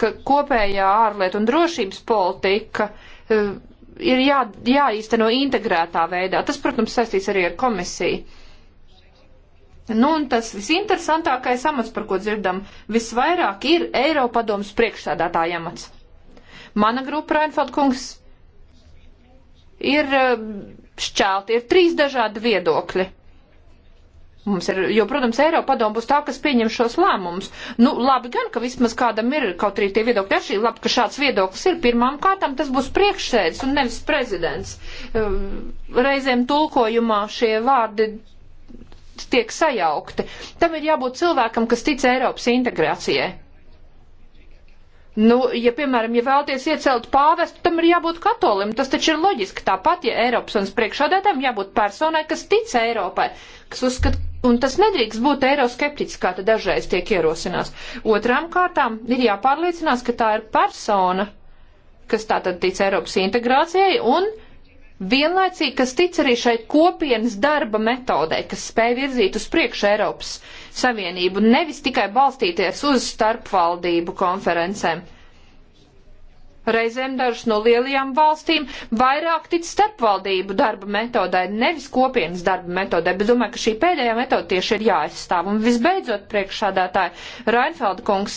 ka kopējā ārlietu un drošības politika e, ir jā, jāīsteno integrētā veidā. Tas, protams, saistīts arī ar komisiju. Nu, un tas visinteresantākais amats, par ko dzirdam visvairāk, ir Eiropadomas priekšsēdētāja amats. Mana grupa, Rainfeldkungs, ir e, šķelti, ir trīs dažādi viedokļi Mums ir, jo, protams, Eiropa padomu būs tā, kas pieņem šos lēmumus. Nu, labi gan, ka vismaz kādam ir kaut arī tie viedokļi atšķirīgi, labi, ka šāds viedoklis ir. Pirmām kārtām tas būs priekšsēdis un nevis prezidents. Ehm, reizēm tulkojumā šie vārdi tiek sajaukti. Tam ir jābūt cilvēkam, kas tic Eiropas integrācijai. Nu, ja, piemēram, ja vēlaties iecelt pāvestu, tam ir jābūt katolim. Tas taču ir loģiski. Tāpat, ja Eiropas un priekšādētājiem jābūt personai, kas tic Eiropai, kas uzskata, Un tas nedrīkst būt eiroskeptiķis, kā te dažreiz tiek ierosinās. Otrām kārtām ir jāpārliecinās, ka tā ir persona, kas tātad tic Eiropas integrācijai un vienlaicīgi, kas tic arī šai kopienas darba metodē, kas spēj virzīt uz priekšu Eiropas Savienību, nevis tikai balstīties uz starpvaldību konferencēm. Reizēm dažas no lielajām valstīm vairāk tic starpvaldību darba metodai, nevis kopienas darba metodai, bet domāju, ka šī pēdējā metoda tieši ir jāaizstāv. Un visbeidzot, priekšādātāji, Rainfelda kungs,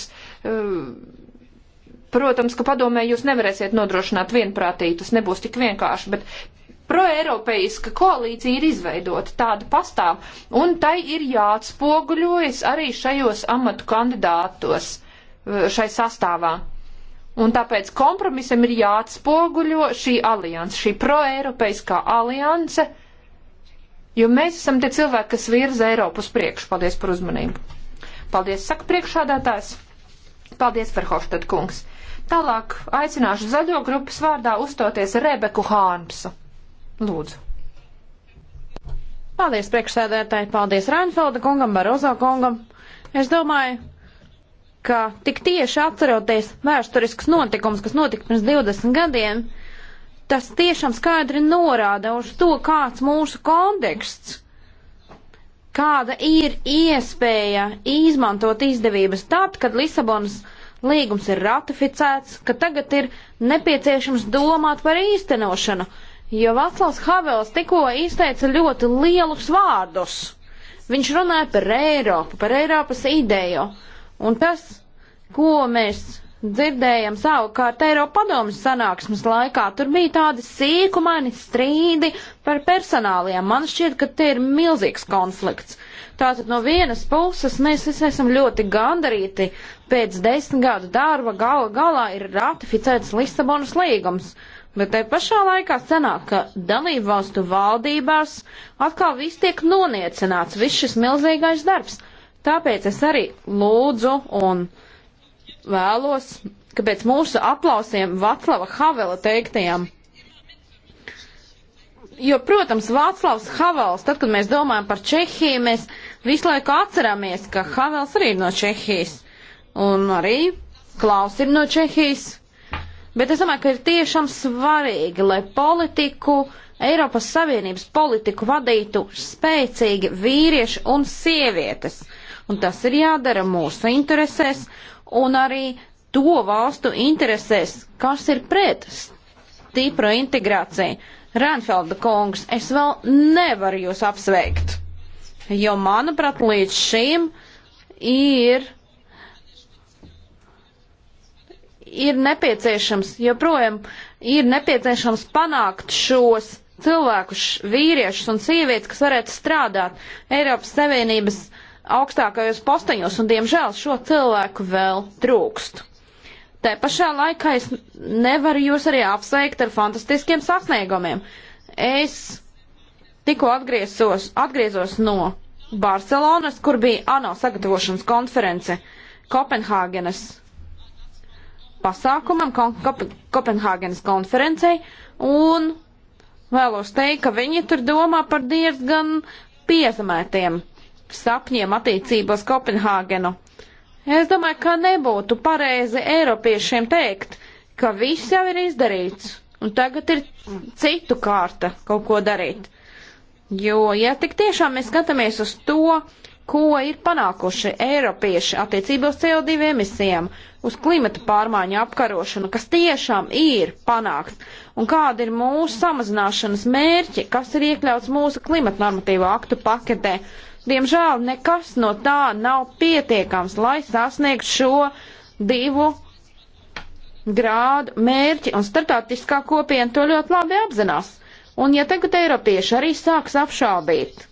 eh, protams, ka padomē jūs nevarēsiet nodrošināt vienprātīgi, tas nebūs tik vienkārši, bet proeiropeiska koalīcija ir izveidota, tāda pastāv, un tai ir jāatspoguļojas arī šajos amatu kandidātos eh, šai sastāvā. Un tāpēc kompromisam ir jāatspoguļo šī alianse, šī proeiropeiskā alianse, jo mēs esam tie cilvēki, kas virza Eiropu uz priekšu. Paldies par uzmanību. Paldies, saka priekšādātājs. Paldies, Verhofstadt kungs. Tālāk aicināšu zaļo grupas vārdā uzstoties Rebeku Hārmsu. Lūdzu. Paldies, priekšsēdētāji. Paldies Rainfelda kungam, Barozo kungam. Es domāju, ka tik tieši atceroties vēsturisks notikums, kas notika pirms 20 gadiem, tas tiešām skaidri norāda uz to, kāds mūsu konteksts, kāda ir iespēja izmantot izdevības tad, kad Lisabonas līgums ir ratificēts, ka tagad ir nepieciešams domāt par īstenošanu, jo Vaclavs Havels tikko izteica ļoti lielus vārdus. Viņš runāja par Eiropu, par Eiropas ideju. Un tas, ko mēs dzirdējam savukārt Eiropa padomjas sanāksmes laikā. Tur bija tādi sīkumaini strīdi par personāliem. Man šķiet, ka te ir milzīgs konflikts. Tātad no vienas puses mēs visi esam ļoti gandarīti. Pēc desmit gadu darba gala galā ir ratificēts Lisabonas līgums. Bet te pašā laikā sanāk, ka dalību valstu valdībās atkal viss tiek noniecināts, viss šis milzīgais darbs. Tāpēc es arī lūdzu un vēlos, ka pēc mūsu aplausiem Vaclava Havela teiktajam jo, protams, Vāclavs Havels, tad, kad mēs domājam par Čehiju, mēs visu laiku atceramies, ka Havels arī ir no Čehijas, un arī Klaus ir no Čehijas. Bet es domāju, ka ir tiešām svarīgi, lai politiku, Eiropas Savienības politiku vadītu spēcīgi vīrieši un sievietes. Uh, Un tas ir jādara mūsu interesēs un arī to valstu interesēs, kas ir pret stipro integrāciju. Rēnfelda kungs, es vēl nevaru jūs apsveikt, jo, manuprāt, līdz šim ir ir nepieciešams, joprojām ir nepieciešams panākt šos cilvēkus, vīriešus un sievietes, kas varētu strādāt Eiropas Savienības augstākajos posteņos, un diemžēl šo cilvēku vēl trūkst. Te pašā laikā es nevaru jūs arī apsveikt ar fantastiskiem sasniegumiem. Es tikko atgriezos, atgriezos no Barcelonas, kur bija ANO sagatavošanas konference Kopenhāgenes pasākumam, Kopen Kopenhāgenes konferencei, un vēlos teikt, ka viņi tur domā par diezgan piezemētiem sapņiem attiecībās Kopenhāgenu. Es domāju, ka nebūtu pareizi Eiropiešiem teikt, ka viss jau ir izdarīts, un tagad ir citu kārta kaut ko darīt. Jo, ja tik tiešām mēs skatāmies uz to, ko ir panākuši Eiropieši attiecībā uz CO2 emisijām, uz klimata pārmaiņu apkarošanu, kas tiešām ir panākts, un kāda ir mūsu samazināšanas mērķi, kas ir iekļauts mūsu klimata normatīvo aktu paketē, Diemžēl nekas no tā nav pietiekams, lai sasniegtu šo divu grādu mērķi, un starptautiskā kopiena to ļoti labi apzinās. Un ja tagad Eiropieši arī sāks apšaubīt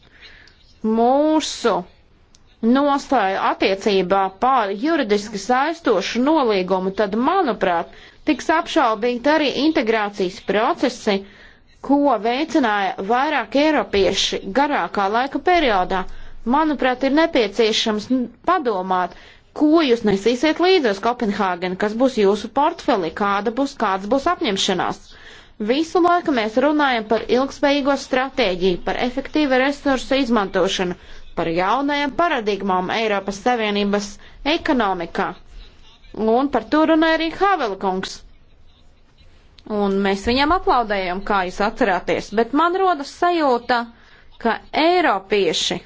mūsu nostāju attiecībā pār juridiski saistošu nolīgumu, tad, manuprāt, tiks apšaubīti arī integrācijas procesi, ko veicināja vairāk eiropieši garākā laika periodā manuprāt, ir nepieciešams padomāt, ko jūs nesīsiet līdzi uz Kopenhāgenu, kas būs jūsu portfeli, kāda būs, kāds būs apņemšanās. Visu laiku mēs runājam par ilgspējīgo stratēģiju, par efektīvu resursu izmantošanu, par jaunajām paradigmām Eiropas Savienības ekonomikā. Un par to runāja arī Havelkungs. Un mēs viņam aplaudējam, kā jūs atcerāties, bet man rodas sajūta, ka Eiropieši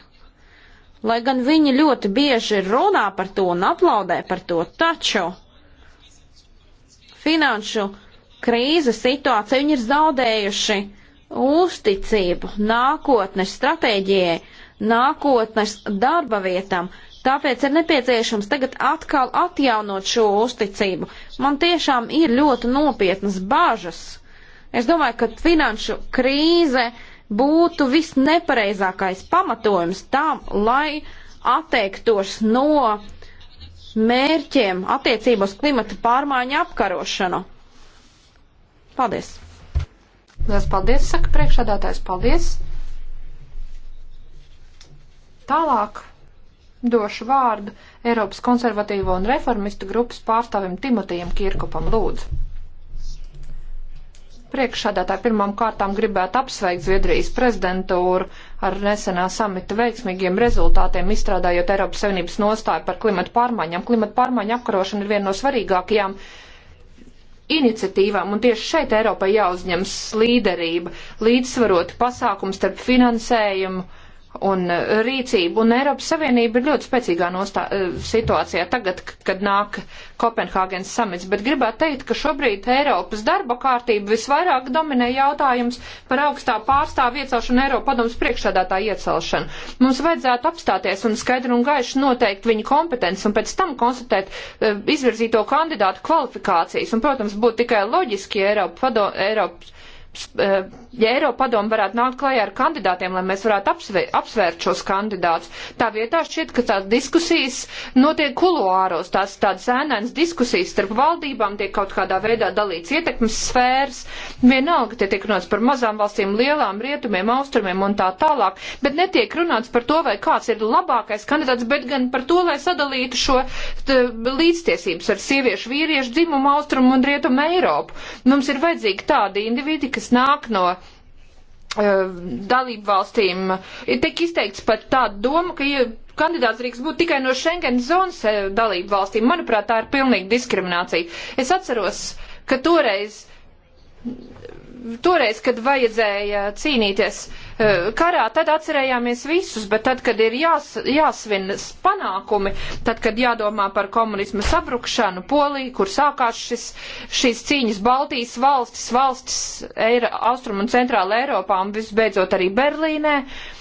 Lai gan viņi ļoti bieži runā par to un aplaudē par to, taču finanšu krīzes situācija viņi ir zaudējuši uzticību nākotnes stratēģijai, nākotnes darba vietam. Tāpēc ir nepieciešams tagad atkal atjaunot šo uzticību. Man tiešām ir ļoti nopietnas bažas. Es domāju, ka finanšu krīze uh, būtu visnepareizākais pamatojums tam, lai atteiktos no mērķiem attiecībos klimata pārmaiņu apkarošanu. Paldies! Lielas paldies, saka priekšādātājs, paldies! Tālāk došu vārdu Eiropas konservatīvo un reformistu grupas pārstāvim Timotejam Kirkopam lūdzu. Priekšādātāji pirmām kārtām gribētu apsveikt Zviedrijas prezidentūru ar nesenā samita veiksmīgiem rezultātiem, izstrādājot Eiropas Savienības nostāju par klimatu pārmaiņām. Klimatu pārmaiņu apkarošana ir viena no svarīgākajām iniciatīvām, un tieši šeit Eiropai jāuzņems līderība, līdzsvarot pasākums starp finansējumu un uh, rīcību, un Eiropas Savienība ir ļoti spēcīgā nostā, uh, situācijā tagad, kad nāk Kopenhāgenes samits, bet gribētu teikt, ka šobrīd Eiropas darba kārtība visvairāk dominē jautājums par augstā pārstāvu iecelšanu Eiropa padomus priekšsādātāju iecelšanu. Mums vajadzētu apstāties un skaidri un gaiši noteikt viņu kompetences un pēc tam konstatēt uh, izvirzīto kandidātu kvalifikācijas, un, protams, būtu tikai loģiski, ja Eiropa, pado, Eiropas Eh, ja Eiropa padomu varētu nākt klajā ar kandidātiem, lai mēs varētu apsvē, apsvērt šos kandidātus. Tā vietā šķiet, ka tās diskusijas notiek kuluāros, tās tādas ēnēnas diskusijas starp valdībām tiek kaut kādā veidā dalīts ietekmes sfēras. Vienalga te tiek runāts par mazām valstīm, lielām rietumiem, austrumiem un tā tālāk, bet netiek runāts par to, vai kāds ir labākais kandidāts, bet gan par to, lai sadalītu šo t, līdztiesības ar sieviešu, vīriešu dzimumu, austrumu un rietumu Eiropu. Mums ir vajadzīgi tādi individi, kas kas nāk no eh, dalību valstīm ir tik izteikts pat tāda doma, ka ja kandidāts drīkst būt tikai no Schengen zonas eh, dalību valstīm. Manuprāt, tā ir pilnīga diskriminācija. Es atceros, ka toreiz toreiz, kad vajadzēja cīnīties eh, karā, tad atcerējāmies visus, bet tad, kad ir jās, jāsvin panākumi, tad, kad jādomā par komunismu sabrukšanu Poliju, kur sākās šis, šīs cīņas Baltijas valstis, valstis Eira, Austrum un Centrāla Eiropā un visbeidzot arī Berlīnē, uh,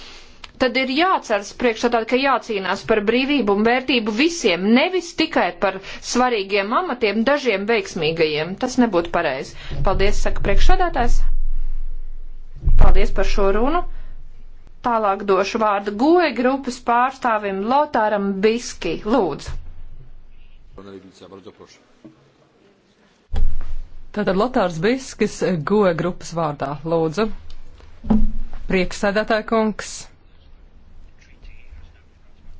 tad ir jāceras priekšā tāda, ka jācīnās par brīvību un vērtību visiem, nevis tikai par svarīgiem amatiem, dažiem veiksmīgajiem. Tas nebūtu pareizi. Paldies, saka priekšsādātājs. Paldies par šo runu. Tālāk došu vārdu goja grupas pārstāvim Lotāram Biski. Lūdzu. Tātad Lotārs Biskis goja grupas vārdā. Lūdzu. Prieksēdētāja kungs.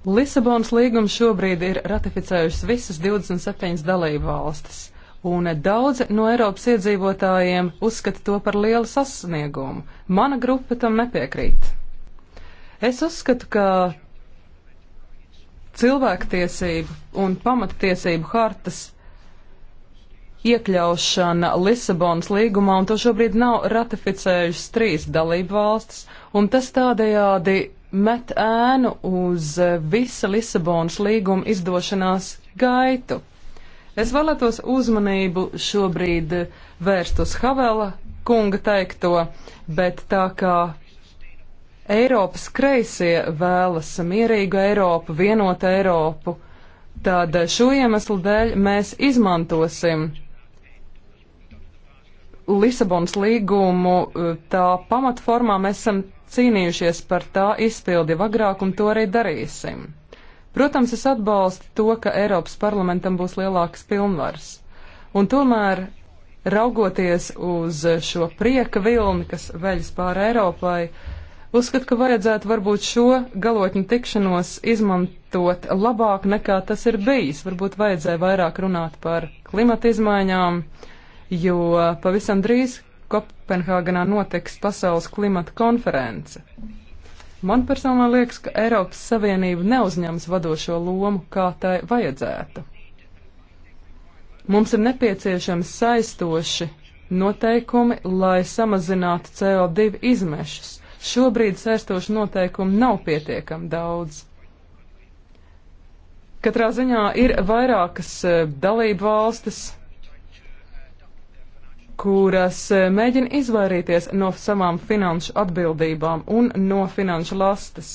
Lisabonas līgumu šobrīd ir ratificējušas visas 27 dalību valstis, un daudzi no Eiropas iedzīvotājiem uzskata to par lielu sasniegumu. Mana grupa tam nepiekrīt. Es uzskatu, ka cilvēktiesību un pamatiesību hartas iekļaušana Lisabonas līgumā, un to šobrīd nav ratificējušas trīs dalību valstis, un tas tādējādi met ēnu uz visa Lisabonas līguma izdošanās gaitu. Es vēlētos uzmanību šobrīd vērst uz Havela kunga teikto, bet tā kā Eiropas kreisie vēlas mierīgu Eiropu, vienotu Eiropu. Tad šo iemeslu dēļ mēs izmantosim Lisabonas līgumu tā pamatformā. Mēs esam cīnījušies par tā izpildi agrāk, un to arī darīsim. Protams, es atbalstu to, ka Eiropas parlamentam būs lielākas pilnvaras. Un tomēr, raugoties uz šo prieka vilni, kas veļas pāri Eiropai, uzskatu, ka vajadzētu varbūt šo galotņu tikšanos izmantot labāk nekā tas ir bijis. Varbūt vajadzēja vairāk runāt par klimata izmaiņām, jo pavisam drīz Kopenhāgenā notiks pasaules klimata konference. Man personīgi liekas, ka Eiropas Savienība neuzņemas vadošo lomu, kā tai vajadzētu. Mums ir nepieciešami saistoši noteikumi, lai samazinātu CO2 izmešus. Šobrīd saistošu noteikumu nav pietiekami daudz. Katrā ziņā ir vairākas eh, dalību valstis, kuras e, mēģina izvairīties no savām finanšu atbildībām un no finanšu lastes.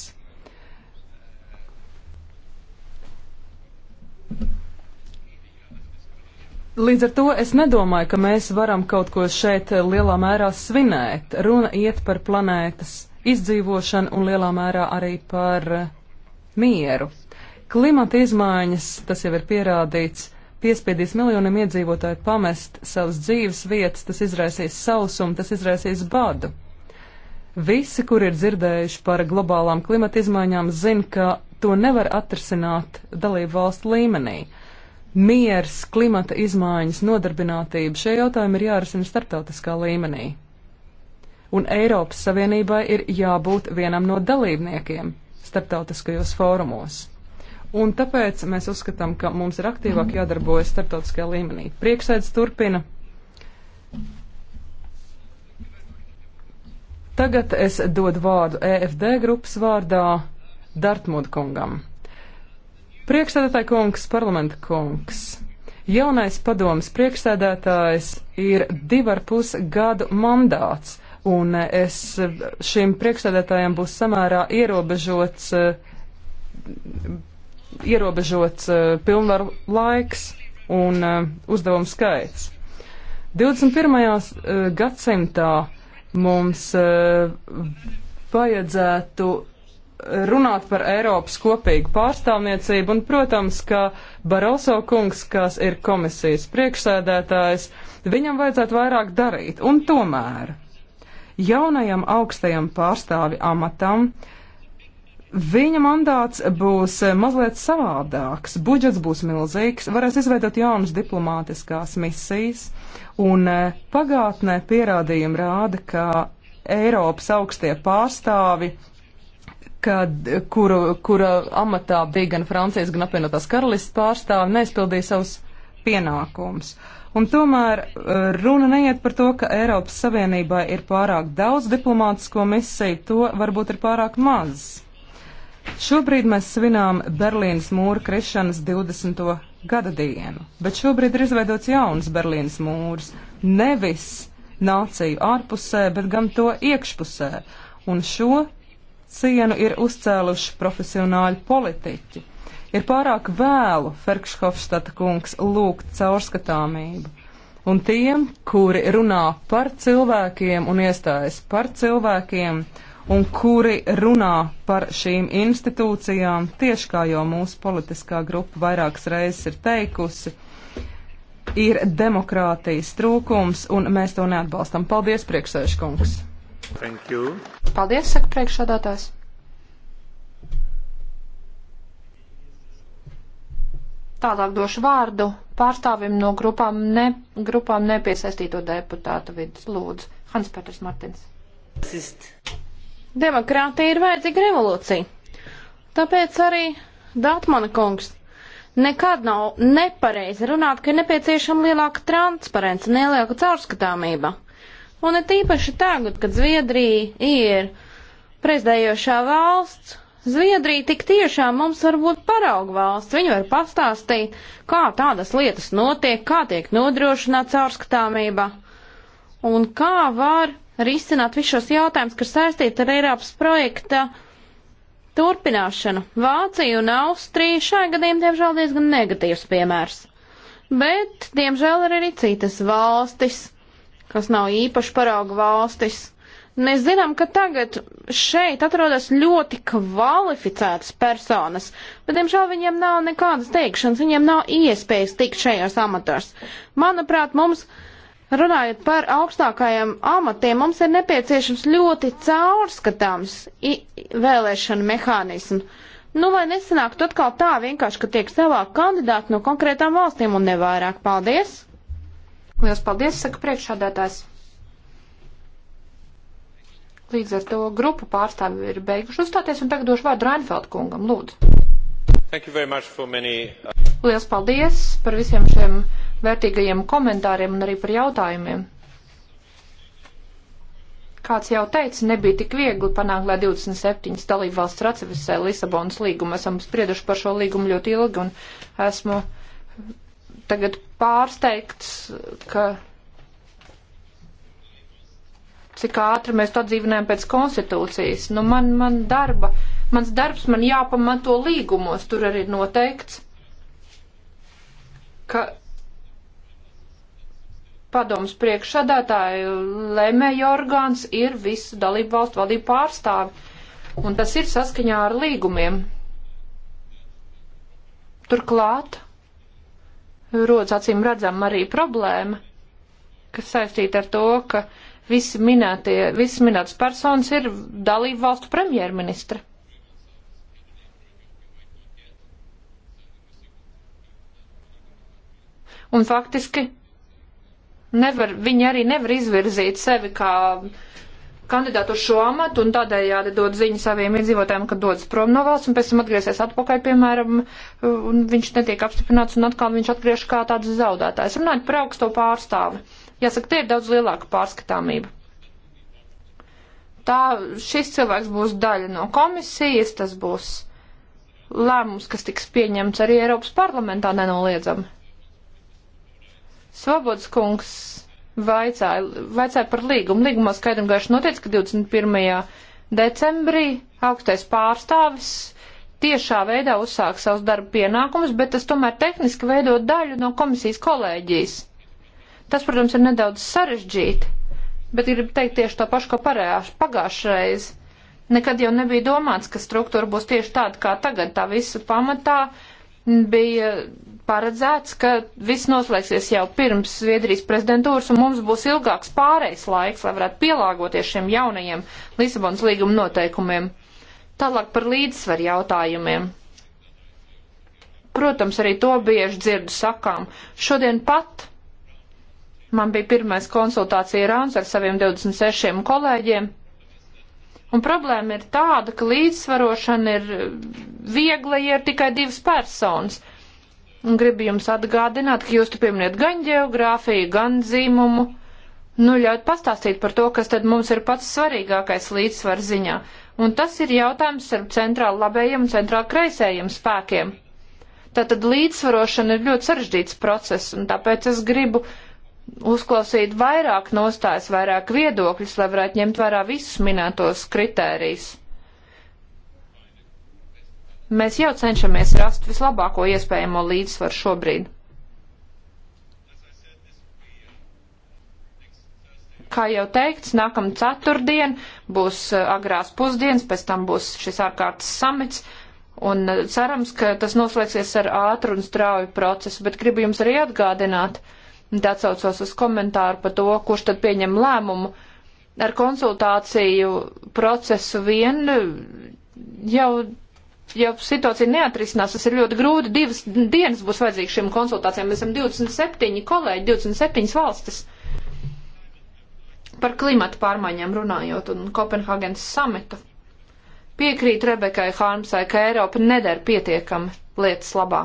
Līdz ar to es nedomāju, ka mēs varam kaut ko šeit lielā mērā svinēt. Runa iet par planētas izdzīvošanu un lielā mērā arī par mieru. Klimata izmaiņas, tas jau ir pierādīts, piespiedīs miljoniem iedzīvotāju pamest savas dzīves vietas, tas izraisīs sausumu, tas izraisīs badu. Visi, kur ir dzirdējuši par globālām klimata izmaiņām, zina, ka to nevar atrisināt dalību valstu līmenī. Miers, klimata izmaiņas, nodarbinātība - šie jautājumi ir jārisina starptautiskā līmenī. Un Eiropas Savienībai ir jābūt vienam no dalībniekiem starptautiskajos fórumos. Un tāpēc mēs uzskatām, ka mums ir aktīvāk jādarbojas starptautiskajā līmenī. Prieksēdz turpina. Tagad es dodu vārdu EFD grupas vārdā Dartmūda kungam. Priekšsēdētāja kungs, parlamenta kungs. Jaunais padomas priekšsēdētājs ir divu ar pus gadu mandāts, un es šim priekšsēdētājam būs samērā ierobežots ierobežots uh, pilnvaru laiks un uh, uzdevumu skaits. 21. Uh, eh, gadsimtā mums uh, vajadzētu runāt par Eiropas kopīgu pārstāvniecību, un, protams, ka Baroso kungs, kas ir komisijas priekšsēdētājs, viņam vajadzētu vairāk darīt, un tomēr jaunajam augstajam pārstāvi amatam uh, Viņa mandāts būs eh, mazliet savādāks, budžets būs milzīgs, varēs izveidot jaunas diplomātiskās misijas, un eh, pagātnē pierādījumi rāda, ka Eiropas augstie pārstāvi, kad, kuru, kura amatā bija gan Francijas, gan apvienotās karalistas pārstāvi, neizpildīja savus pienākumus. Un tomēr eh, runa neiet par to, ka Eiropas Savienībai ir pārāk daudz diplomātisko misiju, to varbūt ir pārāk maz. Šobrīd mēs svinām Berlīnas mūra krišanas 20. gada dienu, bet šobrīd ir izveidots jauns Berlīnas mūrs. Nevis nāciju ārpusē, bet gan to iekšpusē. Un šo cienu ir uzcēluši profesionāļi politiķi. Ir pārāk vēlu, Ferkšhofstata kungs, lūgt caurskatāmību un tiem, kuri runā par cilvēkiem un iestājas par cilvēkiem, un kuri runā par šīm institūcijām, tieši kā jau mūsu politiskā grupa vairākas reizes ir teikusi, ir demokrātijas trūkums, un mēs to neatbalstam. Paldies, priekšsēžkungs! Paldies, saka priekšsādātājs! Tālāk došu vārdu pārstāvim no grupām, ne, grupām nepiesaistīto deputātu vidus. Lūdzu, Hans Peters Martins. Sist. Demokrātija ir vajadzīga revolūcija. Tāpēc arī Datmana kungs nekad nav nepareizi runāt, ka ir nepieciešama lielāka transparence, nelielāka caurskatāmība. Un ir tīpaši tagad, kad Zviedrija ir prezidējošā valsts, Zviedrija tik tiešām mums var būt parauga valsts. Viņi var pastāstīt, kā tādas lietas notiek, kā tiek nodrošināta caurskatāmība un kā var risināt visus šos jautājumus, kas saistīti ar Eiropas projekta turpināšanu. Vācija un Austrija šai gadījumā, diemžēl, diezgan negatīvs piemērs. Bet, diemžēl, ir arī citas valstis, kas nav īpaši parauga valstis. Mēs zinām, ka tagad šeit atrodas ļoti kvalificētas personas, bet, diemžēl, viņiem nav nekādas teikšanas, viņiem nav iespējas tikt šajās amatās. Manuprāt, mums uh, Runājot par augstākajiem amatiem, mums ir nepieciešams ļoti caurskatāms vēlēšanu mehānismu. Nu, lai nesanāktu atkal tā vienkārši, ka tiek savāk kandidāti no konkrētām valstīm un nevairāk. Paldies! Lielas paldies, saka priekšādātājs. Līdz ar to grupu pārstāvi ir beiguši uzstāties un tagad došu vārdu Reinfeld kungam. Lūdzu! Many... Uh, Lielas paldies par visiem šiem vērtīgajiem komentāriem un arī par jautājumiem. Kāds jau teica, nebija tik viegli panākt, lai 27 dalībvalsts ratificē Lisabonas līgumu. Esam sprieduši par šo līgumu ļoti ilgi un esmu tagad pārsteigts, ka cik ātri mēs to dzīvinājam pēc konstitūcijas. Nu, man, man darba, mans darbs man jāpamato līgumos, tur arī ir noteikts, ka padomus priekšsādātāju lēmēja orgāns ir visu dalību valstu valdību pārstāvi, un tas ir saskaņā ar līgumiem. Turklāt rodas acīm redzam arī problēma, kas saistīta ar to, ka visi minētie, visas minētas personas ir dalību valstu premjerministra. Un faktiski Nevar, viņi arī nevar izvirzīt sevi kā kandidātu uz šo amatu un tādējādi dod ziņu saviem iedzīvotājiem, ka dodas prom no valsts un pēc tam atgriezies atpakaļ, piemēram, un viņš netiek apstiprināts un atkal viņš atgriež kā tāds zaudētājs. Runājot par augsto pārstāvi, jāsaka, te ir daudz lielāka pārskatāmība. Tā, šis cilvēks būs daļa no komisijas, tas būs lēmums, kas tiks pieņemts arī Eiropas parlamentā nenoliedzami. Svobods kungs vaicāja, vaicāja par līgumu. Līgumā skaidri un gaiši noteica, ka 21. decembrī augstais pārstāvis tiešā veidā uzsāk savus darba pienākumus, bet tas tomēr tehniski veido daļu no komisijas kolēģijas. Tas, protams, ir nedaudz sarežģīti, bet gribu teikt tieši to pašu, ko pagājušreiz. Nekad jau nebija domāts, ka struktūra būs tieši tāda kā tagad. Tā visa pamatā bija paredzēts, ka viss noslēgsies jau pirms Zviedrijas prezidentūras, un mums būs ilgāks pārejas laiks, lai varētu pielāgoties šiem jaunajiem Lisabonas līguma noteikumiem. Tālāk par līdzsvaru jautājumiem. Protams, arī to bieži dzirdu sakām. Šodien pat man bija pirmais konsultācija rāns ar saviem 26 kolēģiem. Un problēma ir tāda, ka līdzsvarošana ir viegla, ja ir tikai divas personas. Un gribu jums atgādināt, ka jūs te pieminiet gan geogrāfiju, gan zīmumu. Nu, ļaut pastāstīt par to, kas tad mums ir pats svarīgākais līdzsvar ziņā. Un tas ir jautājums ar centrāli labējiem un centrāli kreisējiem spēkiem. Tātad līdzsvarošana ir ļoti sarežģīts process, un tāpēc es gribu uzklausīt vairāk nostājas, vairāk viedokļus, lai varētu ņemt vērā visus minētos kritērijus. Mēs jau cenšamies rast vislabāko iespējamo līdzsvaru šobrīd. Kā jau teikts, nākamā ceturtdien būs eh, agrās pusdienas, pēc tam būs šis ārkārtas samits, un eh, cerams, ka tas noslēgsies ar ātru un strauju procesu, bet gribu jums arī atgādināt, atsaucos uz komentāru par to, kurš tad pieņem lēmumu, ar konsultāciju procesu vien jau ja situācija neatrisinās, tas ir ļoti grūti. Divas dienas būs vajadzīgas šīm konsultācijām. Mēs esam 27 kolēģi, 27 valstis. Par klimatu pārmaiņām runājot un Kopenhāgenes samita. Piekrīt Rebekai Hārmsai, ka Eiropa nedara pietiekami lietas labā.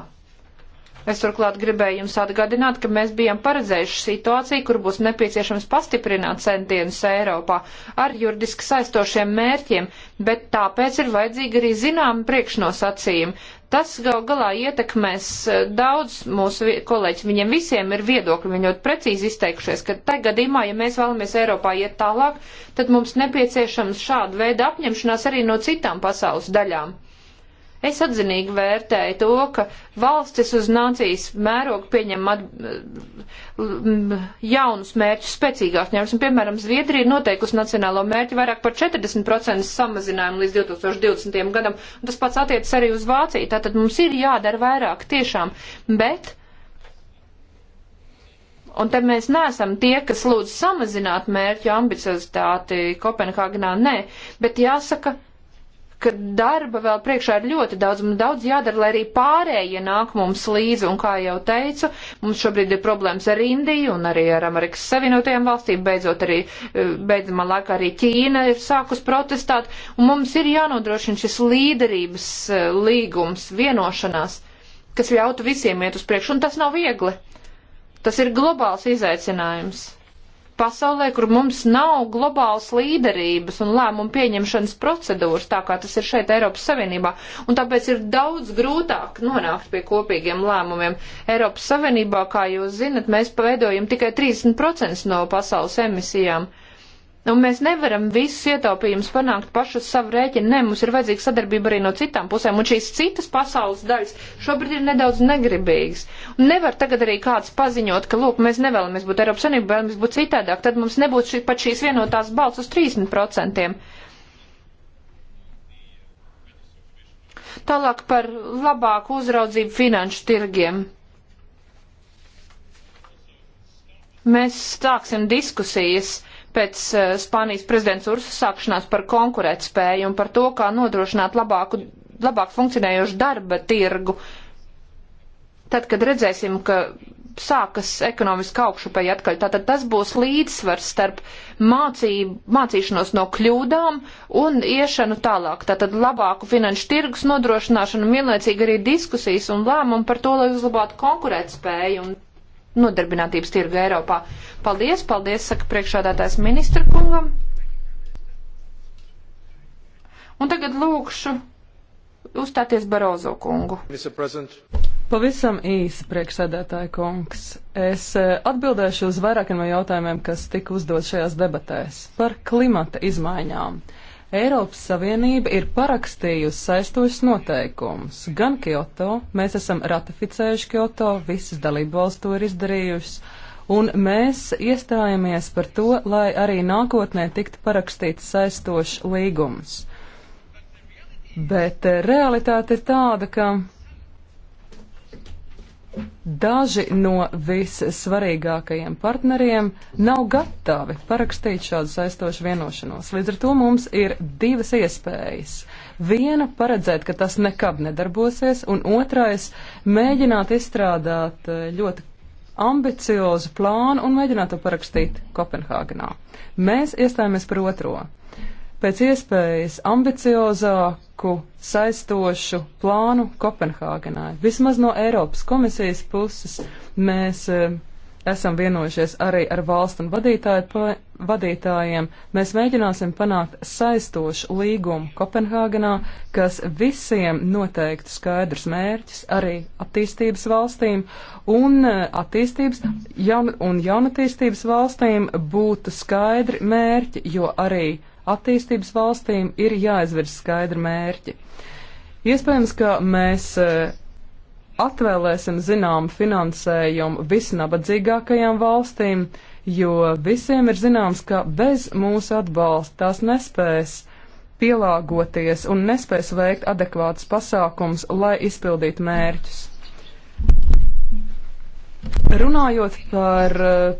Es turklāt gribēju jums atgādināt, ka mēs bijām paredzējuši situāciju, kur būs nepieciešams pastiprināt centienus Eiropā ar juridiski saistošiem mērķiem, bet tāpēc ir vajadzīgi arī zināmi priekšnosacījumi. Tas gal galā ietekmēs eh, daudz mūsu kolēģis. Viņiem visiem ir viedokļi, viņi ļoti precīzi izteikušies, ka tai gadījumā, ja mēs vēlamies Eiropā iet tālāk, tad mums nepieciešams šāda veida apņemšanās arī no citām pasaules daļām. Es atzinīgi vērtēju to, ka valstis uz nācijas mērogu pieņem at, jaunus mērķus spēcīgāk. Ņemsim, piemēram, Zviedrija ir noteikusi nacionālo mērķi vairāk par 40% samazinājumu līdz 2020. gadam, un tas pats attiecas arī uz Vāciju. Tātad mums ir jādara vairāk tiešām, bet. Un te mēs neesam tie, kas lūdz samazināt mērķu ambiciozitāti Kopenhāgenā, nē, bet jāsaka, ka darba vēl priekšā ir ļoti daudz, mums daudz jādara, lai arī pārējie nāk mums līdzi, un kā jau teicu, mums šobrīd ir problēmas ar Indiju un arī ar Amerikas Savienotajām valstīm, beidzot arī, eh, beidzamā laikā arī Ķīna ir sākus protestāt, un mums ir jānodrošina šis līderības eh, līgums, vienošanās, kas ļautu visiem iet uz priekšu, un tas nav viegli. Tas ir globāls izaicinājums pasaulē, kur mums nav globālas līderības un lēmumu pieņemšanas procedūras, tā kā tas ir šeit Eiropas Savienībā. Un tāpēc ir daudz grūtāk nonākt pie kopīgiem lēmumiem. Eiropas Savienībā, kā jūs zinat, mēs paveidojam tikai 30% no pasaules emisijām. Uh, Un nu, mēs nevaram visus ietaupījumus panākt pašu savu rēķinu. Nē, mums ir vajadzīga sadarbība arī no citām pusēm, un šīs citas pasaules daļas šobrīd ir nedaudz negribīgas. Un nevar tagad arī kāds paziņot, ka, lūk, mēs nevēlamies būt Eiropas Savienībā, vēlamies būt citādāk, tad mums nebūtu šī, pat šīs vienotās balsts uz 30%. Tālāk par labāku uzraudzību finanšu tirgiem. Mēs stāksim diskusijas pēc eh, Spānijas prezidents uzsākšanās par konkurētspēju un par to, kā nodrošināt labāku, labāk funkcionējošu darba tirgu. Tad, kad redzēsim, ka sākas ekonomiska augšupeja atkal, tātad tas būs līdzsvars starp mācību, mācīšanos no kļūdām un iešanu tālāk. Tātad labāku finanšu tirgus nodrošināšanu un vienlaicīgi arī diskusijas un lēmumu par to, lai uzlabātu konkurētspēju un nodarbinātības tirgu Eiropā. Paldies, paldies, saka priekšādātājs ministra kungam. Un tagad lūkšu uzstāties Barozo kungu. Pavisam īsi, priekšsēdētāja kungs. Es eh, atbildēšu uz vairākiem no jautājumiem, kas tika uzdot šajās debatēs par klimata izmaiņām. Uh, Eiropas Savienība ir parakstījusi saistošas noteikumus. Gan Kyoto, mēs esam ratificējuši Kyoto, visas dalību valsts to ir izdarījusi, un mēs iestājamies par to, lai arī nākotnē tiktu parakstīts saistošs līgums. Bet eh, realitāte ir tāda, ka Daži no vissvarīgākajiem partneriem nav gatavi parakstīt šādu saistošu vienošanos. Līdz ar to mums ir divas iespējas. Viena - paredzēt, ka tas nekad nedarbosies, un otrais - mēģināt izstrādāt eh, ļoti ambiciozu plānu un mēģināt to parakstīt Kopenhāgenā. Mēs iestājāmies par otro pēc iespējas ambiciozāku, saistošu plānu Kopenhāgenai. Vismaz no Eiropas komisijas puses mēs e, esam vienojušies arī ar valstu un vadītāju, pa, vadītājiem. Mēs mēģināsim panākt saistošu līgumu Kopenhāgenā, kas visiem noteiktu skaidrs mērķis arī attīstības valstīm un e, attīstības jaun, un jaunatīstības valstīm būtu skaidri mērķi, jo arī attīstības valstīm ir jāizvirz skaidri mērķi. Iespējams, ka mēs e, atvēlēsim zinām finansējumu visnabadzīgākajām valstīm, jo visiem ir zināms, ka bez mūsu atbalsta tās nespēs pielāgoties un nespēs veikt adekvātus pasākums, lai izpildītu mērķus. Runājot par,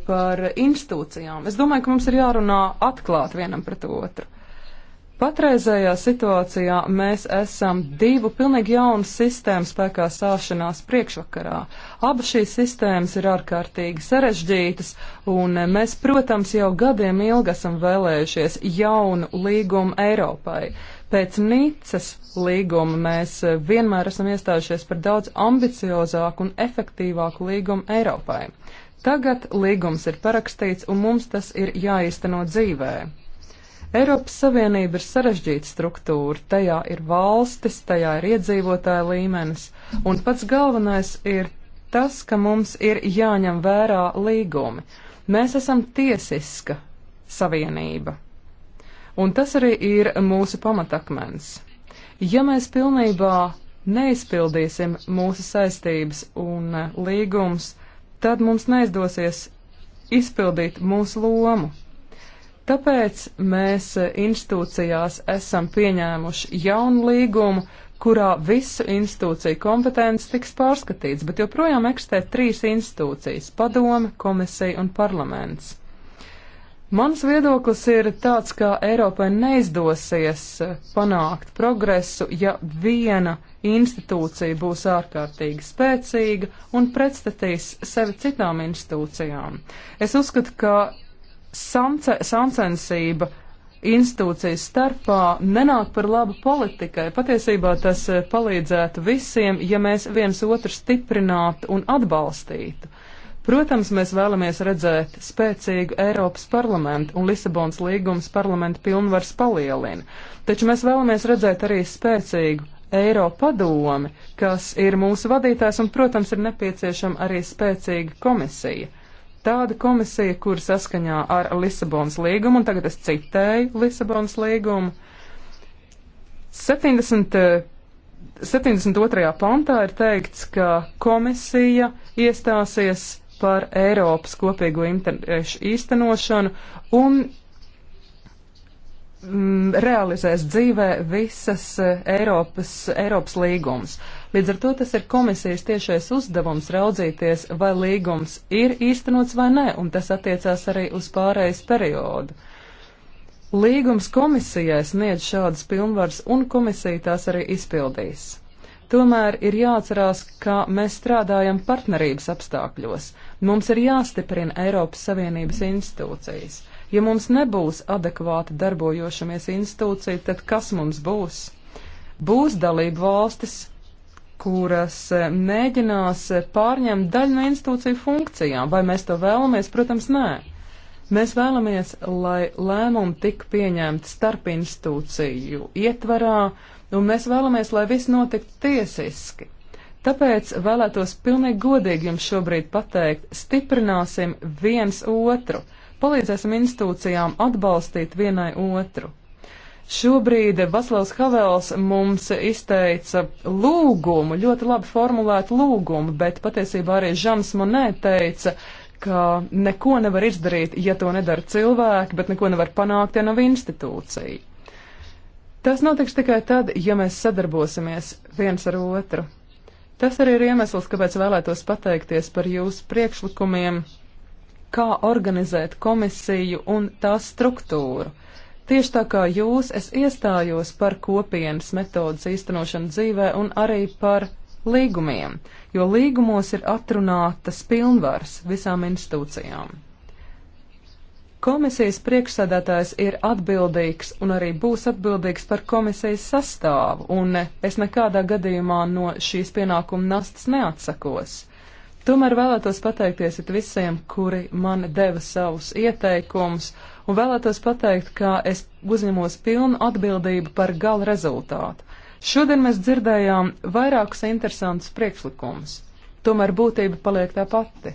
par institūcijām, es domāju, ka mums ir jārunā atklāt vienam pret otru. Patreizējā situācijā mēs esam divu pilnīgi jaunu sistēmu spēkā sāšanās priekšvakarā. Abas šīs sistēmas ir ārkārtīgi sarežģītas, un mēs, protams, jau gadiem ilgi esam vēlējušies jaunu līgumu Eiropai. Uh, Pēc Nīcas līguma mēs e, vienmēr esam iestājušies par daudz ambiciozāku un efektīvāku līgumu Eiropai. Tagad līgums ir parakstīts un mums tas ir jāīsteno dzīvē. Eiropas Savienība ir sarežģīta struktūra, tajā ir valstis, tajā ir iedzīvotāja līmenis, un pats galvenais ir tas, ka mums ir jāņem vērā līgumi. Mēs esam tiesiska savienība. Un tas arī ir mūsu pamatakmens. Ja mēs pilnībā neizpildīsim mūsu saistības un eh, līgums, tad mums neizdosies izpildīt mūsu lomu. Tāpēc mēs eh, institūcijās esam pieņēmuši jaunu līgumu, kurā visu institūciju kompetences tiks pārskatīts, bet joprojām eksistē trīs institūcijas - padome, komisija un parlaments. Mans viedoklis ir tāds, ka Eiropai neizdosies panākt progresu, ja viena institūcija būs ārkārtīgi spēcīga un pretstatīs sevi citām institūcijām. Es uzskatu, ka samce, samcensība institūcijas starpā nenāk par labu politikai. Patiesībā tas palīdzētu visiem, ja mēs viens otru stiprinātu un atbalstītu. Protams, mēs vēlamies redzēt spēcīgu Eiropas parlamentu un Lisabons līgums parlamentu pilnvars palielina, taču mēs vēlamies redzēt arī spēcīgu Eiropadomi, kas ir mūsu vadītājs un, protams, ir nepieciešama arī spēcīga komisija. Tāda komisija, kur saskaņā ar Lisabons līgumu, un tagad es citēju Lisabons līgumu, 70. 72. Eh, pantā ir teikts, ka komisija iestāsies par Eiropas kopīgo interešu eh, īstenošanu un mm, realizēs dzīvē visas eh, Eiropas, Eiropas līgumas. Līdz ar to tas ir komisijas tiešais uzdevums raudzīties, vai līgums ir īstenots vai nē, un tas attiecās arī uz pārējais periodu. Līgums komisijai sniedz šādas pilnvaras, un komisija tās arī izpildīs. Tomēr ir jāatcerās, ka mēs strādājam partnerības apstākļos. Mums ir jāstiprina Eiropas Savienības institūcijas. Ja mums nebūs adekvāti darbojošamies institūcija, tad kas mums būs? Būs dalību valstis, kuras e, mēģinās e, pārņemt daļu no institūciju funkcijām. Vai mēs to vēlamies? Protams, nē. Mēs vēlamies, lai lēmumi tiktu pieņemti starp institūciju ietvarā, un mēs vēlamies, lai viss notiktu tiesiski. Tāpēc vēlētos pilnīgi godīgi jums šobrīd pateikt, stiprināsim viens otru, palīdzēsim institūcijām atbalstīt vienai otru. Šobrīd Vaslavs Havels mums izteica lūgumu, ļoti labi formulētu lūgumu, bet patiesībā arī Žans Monē teica, ka neko nevar izdarīt, ja to nedara cilvēki, bet neko nevar panākt, ja nav institūcija. Tas notiks tikai tad, ja mēs sadarbosimies viens ar otru. Tas arī ir iemesls, kāpēc vēlētos pateikties par jūsu priekšlikumiem, kā organizēt komisiju un tās struktūru. Tieši tā kā jūs, es iestājos par kopienas metodas īstenošanu dzīvē un arī par līgumiem, jo līgumos ir atrunātas pilnvaras visām institūcijām. Komisijas priekšsēdētājs ir atbildīgs un arī būs atbildīgs par komisijas sastāvu, un es nekādā gadījumā no šīs pienākuma nastas neatsakos. Tomēr vēlētos pateikties visiem, kuri man deva savus ieteikumus, un vēlētos pateikt, ka es uzņemos pilnu atbildību par gala rezultātu. Šodien mēs dzirdējām vairākus interesantus priekšlikumus. Tomēr būtība paliek tā pati.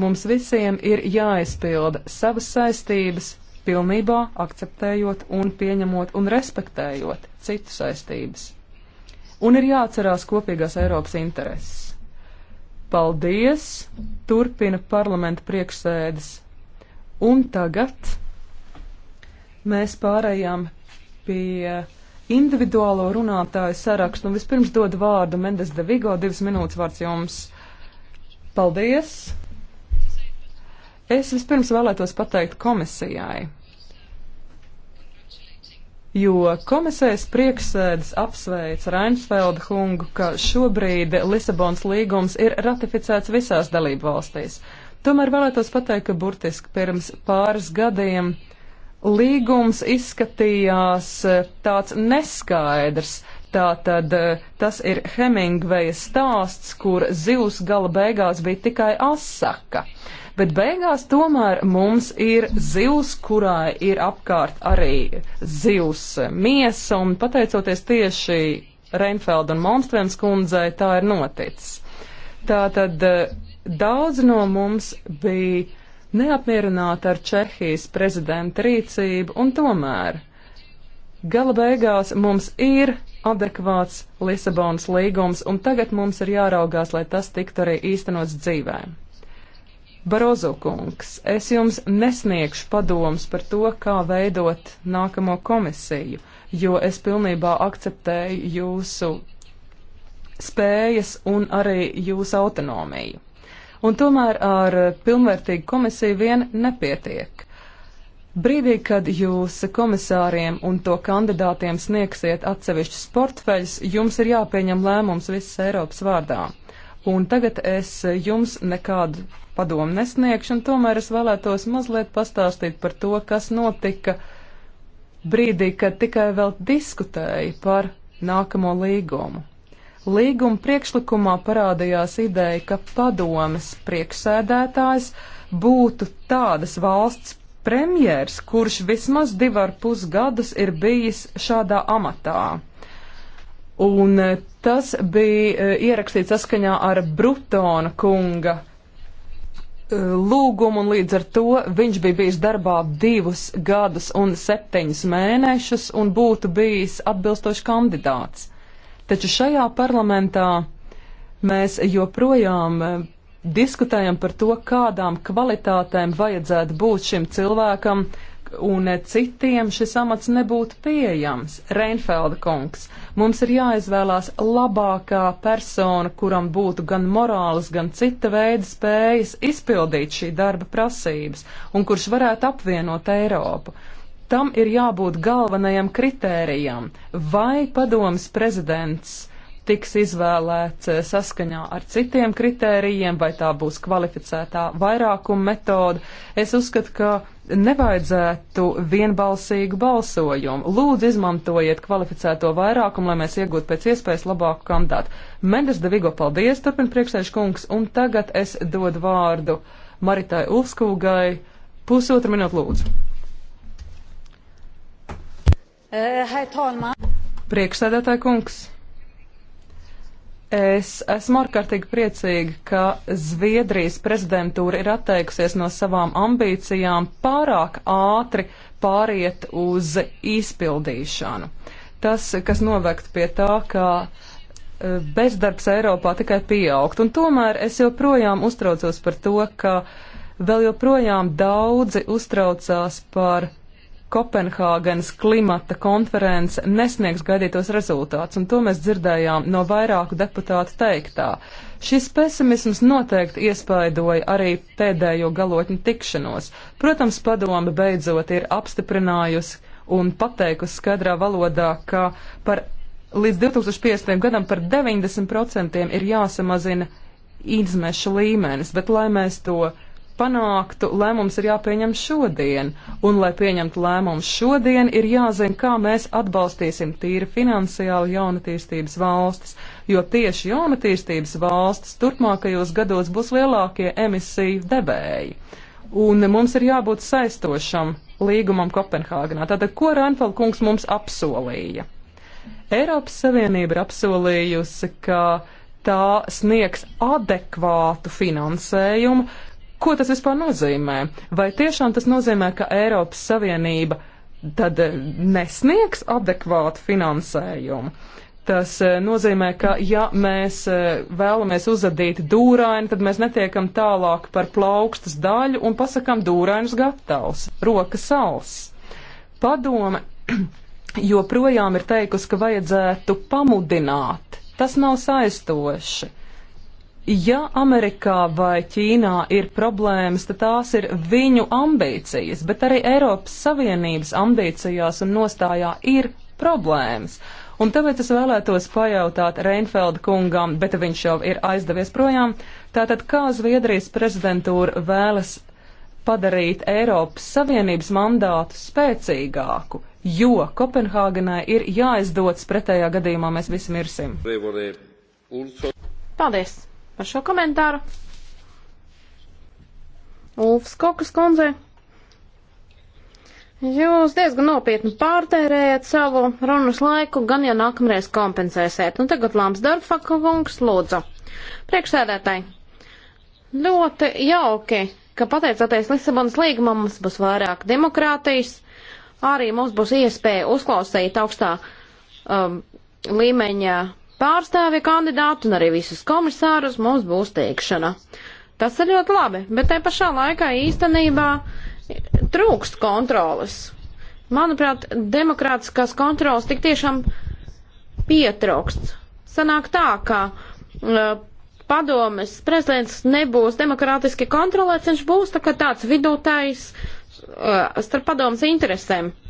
Mums visiem ir jāizpilda savas saistības, pilnībā akceptējot un pieņemot un respektējot citu saistības. Un ir jāatcerās kopīgās Eiropas intereses. Paldies! Turpina parlamenta priekšsēdes. Un tagad mēs pārējām pie individuālo runātāju sarakstu. Un vispirms dod vārdu Mendes de Vigo, divas minūtes vārds jums. Paldies! Es vispirms vēlētos pateikt komisijai, jo komisijas prieksēdis apsveic Reinfeldu Hungu, ka šobrīd Lisabons līgums ir ratificēts visās dalību valstīs. Tomēr vēlētos pateikt, ka burtiski pirms pāris gadiem līgums izskatījās tāds neskaidrs. Tātad eh, tas ir Hemingveja stāsts, kur zivs gala beigās bija tikai asaka. As bet beigās tomēr mums ir zivs, kurai ir apkārt arī zivs miesa, un pateicoties tieši Reinfeld un Malmstrēms kundzei tā ir noticis. Tātad eh, daudz no mums bija neapmierināti ar Čehijas prezidenta rīcību, un tomēr gala beigās mums ir adekvāts Lisabonas līgums, un tagad mums ir jāraugās, lai tas tiktu arī īstenots dzīvēm. Barozo kungs, es jums nesniegšu padomus par to, kā veidot nākamo komisiju, jo es pilnībā akceptēju jūsu spējas un arī jūsu autonomiju. Un tomēr ar pilnvērtīgu komisiju vien nepietiek. Brīdī, kad jūs komisāriem un to kandidātiem sniegsiet atsevišķus portfeļus, jums ir jāpieņem lēmums visas Eiropas vārdā. Un tagad es jums nekādu padomu nesniegšu, un tomēr es vēlētos mazliet pastāstīt par to, kas notika brīdī, kad tikai vēl diskutēja par nākamo līgumu. Līguma priekšlikumā parādījās ideja, ka padomes priekšsēdētājs būtu tādas valsts premjers, kurš vismaz divar pusgadus ir bijis šādā amatā. Un eh, Tas bija e, ierakstīts saskaņā ar Brutona kunga e, lūgumu, un līdz ar to viņš bija bijis darbā divus gadus un septiņus mēnešus un būtu bijis atbilstošs kandidāts. Taču šajā parlamentā mēs joprojām e, diskutējam par to, kādām kvalitātēm vajadzētu būt šim cilvēkam, un citiem šis amats nebūtu pieejams. Reinfelda kungs, mums ir jāizvēlās labākā persona, kuram būtu gan morāls, gan cita veida spējas izpildīt šī darba prasības, un kurš varētu apvienot Eiropu tam ir jābūt galvenajam kritērijam, vai padomas prezidents tiks izvēlēts eh, saskaņā ar citiem kritērijiem, vai tā būs kvalificētā vairākuma metode. Es uzskatu, ka nevajadzētu vienbalsīgu balsojumu. Lūdzu, izmantojiet kvalificēto vairākumu, lai mēs iegūtu pēc iespējas labāku kandidātu. Mendes de Vigo, paldies, turpina priekšsēžkungs, un tagad es dodu vārdu Maritai Ulfskūgai. Pusotru minūtu lūdzu. Eh, Priekšsēdētāji kungs. Es esmu ārkārtīgi priecīga, ka Zviedrijas prezidentūra ir atteikusies no savām ambīcijām pārāk ātri pāriet uz izpildīšanu. Tas, kas novekt pie tā, ka eh, bezdarbs Eiropā tikai pieaugt, un tomēr es joprojām uztraucos par to, ka vēl joprojām daudzi uztraucās par Kopenhāgenes klimata konference nesniegs gaidītos rezultāts, un to mēs dzirdējām no vairāku deputātu teiktā. Šis pesimisms noteikti iespaidoja arī pēdējo galotņu tikšanos. Protams, padome beidzot ir apstiprinājusi un pateikusi skaidrā valodā, ka par līdz 2050. gadam par 90% ir jāsamazina izmešu līmenis, bet lai mēs to panāktu, lēmums ir jāpieņem šodien, un, lai pieņemtu lēmumu šodien, ir jāzina, kā mēs atbalstīsim tīri finansiāli jaunatīstības valstis, jo tieši jaunatīstības valstis turpmākajos gados būs lielākie emisiju debēji. Un mums ir jābūt saistošam līgumam Kopenhāgenā. Tātad, ko Reinfeld kungs mums apsolīja? Eiropas Savienība ir apsolījusi, ka tā sniegs adekvātu finansējumu, Ko tas vispār nozīmē? Vai tiešām tas nozīmē, ka Eiropas Savienība tad eh, nesniegs adekvātu finansējumu? Tas eh, nozīmē, ka ja mēs eh, vēlamies uzadīt dūraini, tad mēs netiekam tālāk par plaukstas daļu un pasakam dūrainis gatavs, roka sals. Padome (clears throat) joprojām ir teikusi, ka vajadzētu pamudināt. Tas nav saistoši. Ja Amerikā vai Ķīnā ir problēmas, tad tās ir viņu ambīcijas, bet arī Eiropas Savienības ambīcijās un nostājā ir problēmas. Un tāpēc es vēlētos pajautāt Reinfelda kungam, bet viņš jau ir aizdevies projām, tātad kā Zviedrijas prezidentūra vēlas padarīt Eiropas Savienības mandātu spēcīgāku, jo Kopenhāgenai ir jāizdodas pretējā gadījumā mēs visi mirsim. Paldies! par šo komentāru. Ulfs Kokas kundze. Jūs diezgan nopietni pārtērējat savu runas laiku, gan jau nākamreiz kompensēsiet. Un nu, tagad Lāms Dārfaka kungs lūdzu. Priekšsēdētāji, ļoti jauki, ka pateicoties Lisabonas līgumam mums būs vairāk demokrātijas, arī mums būs iespēja uzklausīt augstā um, līmeņa pārstāvja kandidātu un arī visus komisārus mums būs teikšana. Tas ir ļoti labi, bet te pašā laikā īstenībā trūkst kontrolas. Manuprāt, demokrātiskās kontrolas tik tiešām pietrūkst. Sanāk tā, ka uh, padomes prezidents nebūs demokrātiski kontrolēts, viņš būs tā kā tāds vidutājs uh, starp padomes interesēm. Uh,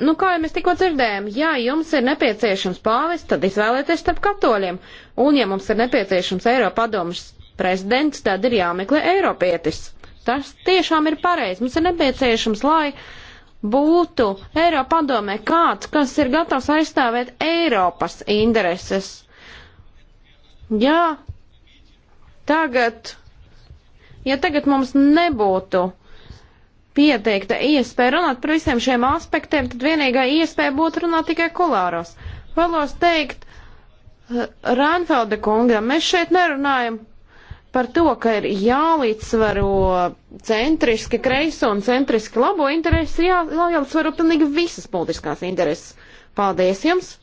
Nu, kā jau mēs tikko dzirdējām, ja jums ir nepieciešams pāvis, tad izvēlieties starp katoļiem. Un, ja mums ir nepieciešams Eiropadomas prezidents, tad ir jāmeklē Eiropietis. Tas tiešām ir pareizi. Mums ir nepieciešams, lai būtu Eiropadomē kāds, kas ir gatavs aizstāvēt Eiropas intereses. Jā, tagad, ja tagad mums nebūtu pieteikta iespēja runāt par visiem šiem aspektiem, tad vienīgā iespēja būtu runāt tikai kolāros. Vēlos teikt eh, Rānfelda kungam, mēs šeit nerunājam par to, ka ir jālīdzsvaro centriski kreiso un centriski labo interesi, jā, jālīdzsvaro pilnīgi visas politiskās intereses. Paldies jums!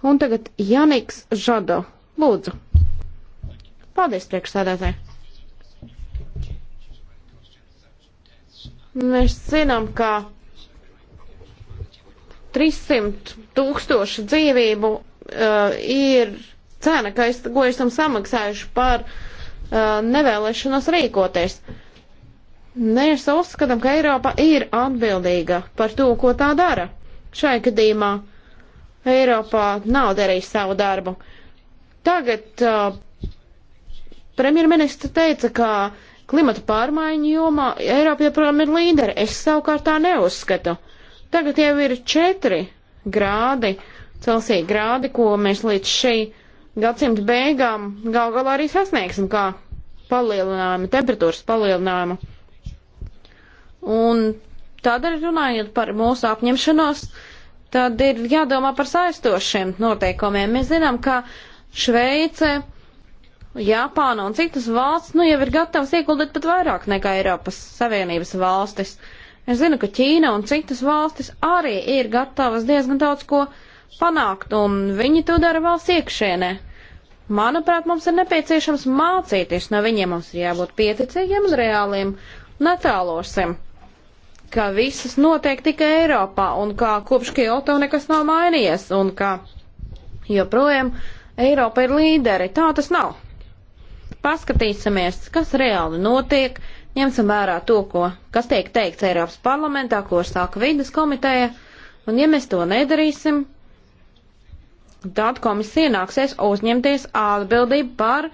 Un tagad Janiks Žado. Lūdzu. Paldies, priekšsēdētāji. Mēs zinām, ka 300 tūkstoši dzīvību uh, ir cena, ka es, ko esam samaksājuši par uh, nevēlēšanos rīkoties. Mēs uzskatām, ka Eiropa ir atbildīga par to, ko tā dara. Šai gadījumā Eiropā nav darījusi savu darbu. Tagad uh, premjerministra teica, ka uh, Klimata pārmaiņu jomā Eiropa joprojām ir līderi. Es savukārt tā neuzskatu. Tagad jau ir četri grādi, Celsija grādi, ko mēs līdz šī gadsimta beigām gal galā arī sasniegsim, kā palielinājumu, temperatūras palielinājumu. Un tādēļ runājot par mūsu apņemšanos, tad ir jādomā par saistošiem noteikumiem. Mēs zinām, ka Šveice Japāna un citas valsts nu, jau ir gatavas ieguldīt pat vairāk nekā Eiropas Savienības valstis. Es zinu, ka Ķīna un citas valstis arī ir gatavas diezgan daudz ko panākt, un viņi to dara valsts iekšienē. Manuprāt, mums ir nepieciešams mācīties no viņiem, mums ir jābūt pieticīgiem un reāliem, netālosim, ka visas notiek tikai Eiropā, un kā kopš Kyoto nekas nav mainījies, un ka joprojām Eiropa ir līderi. Tā tas nav paskatīsimies, kas reāli notiek, ņemsim vērā to, ko, kas tiek teikts Eiropas parlamentā, ko sāka vidas komiteja, un ja mēs to nedarīsim, tad komisija nāksies uzņemties atbildību par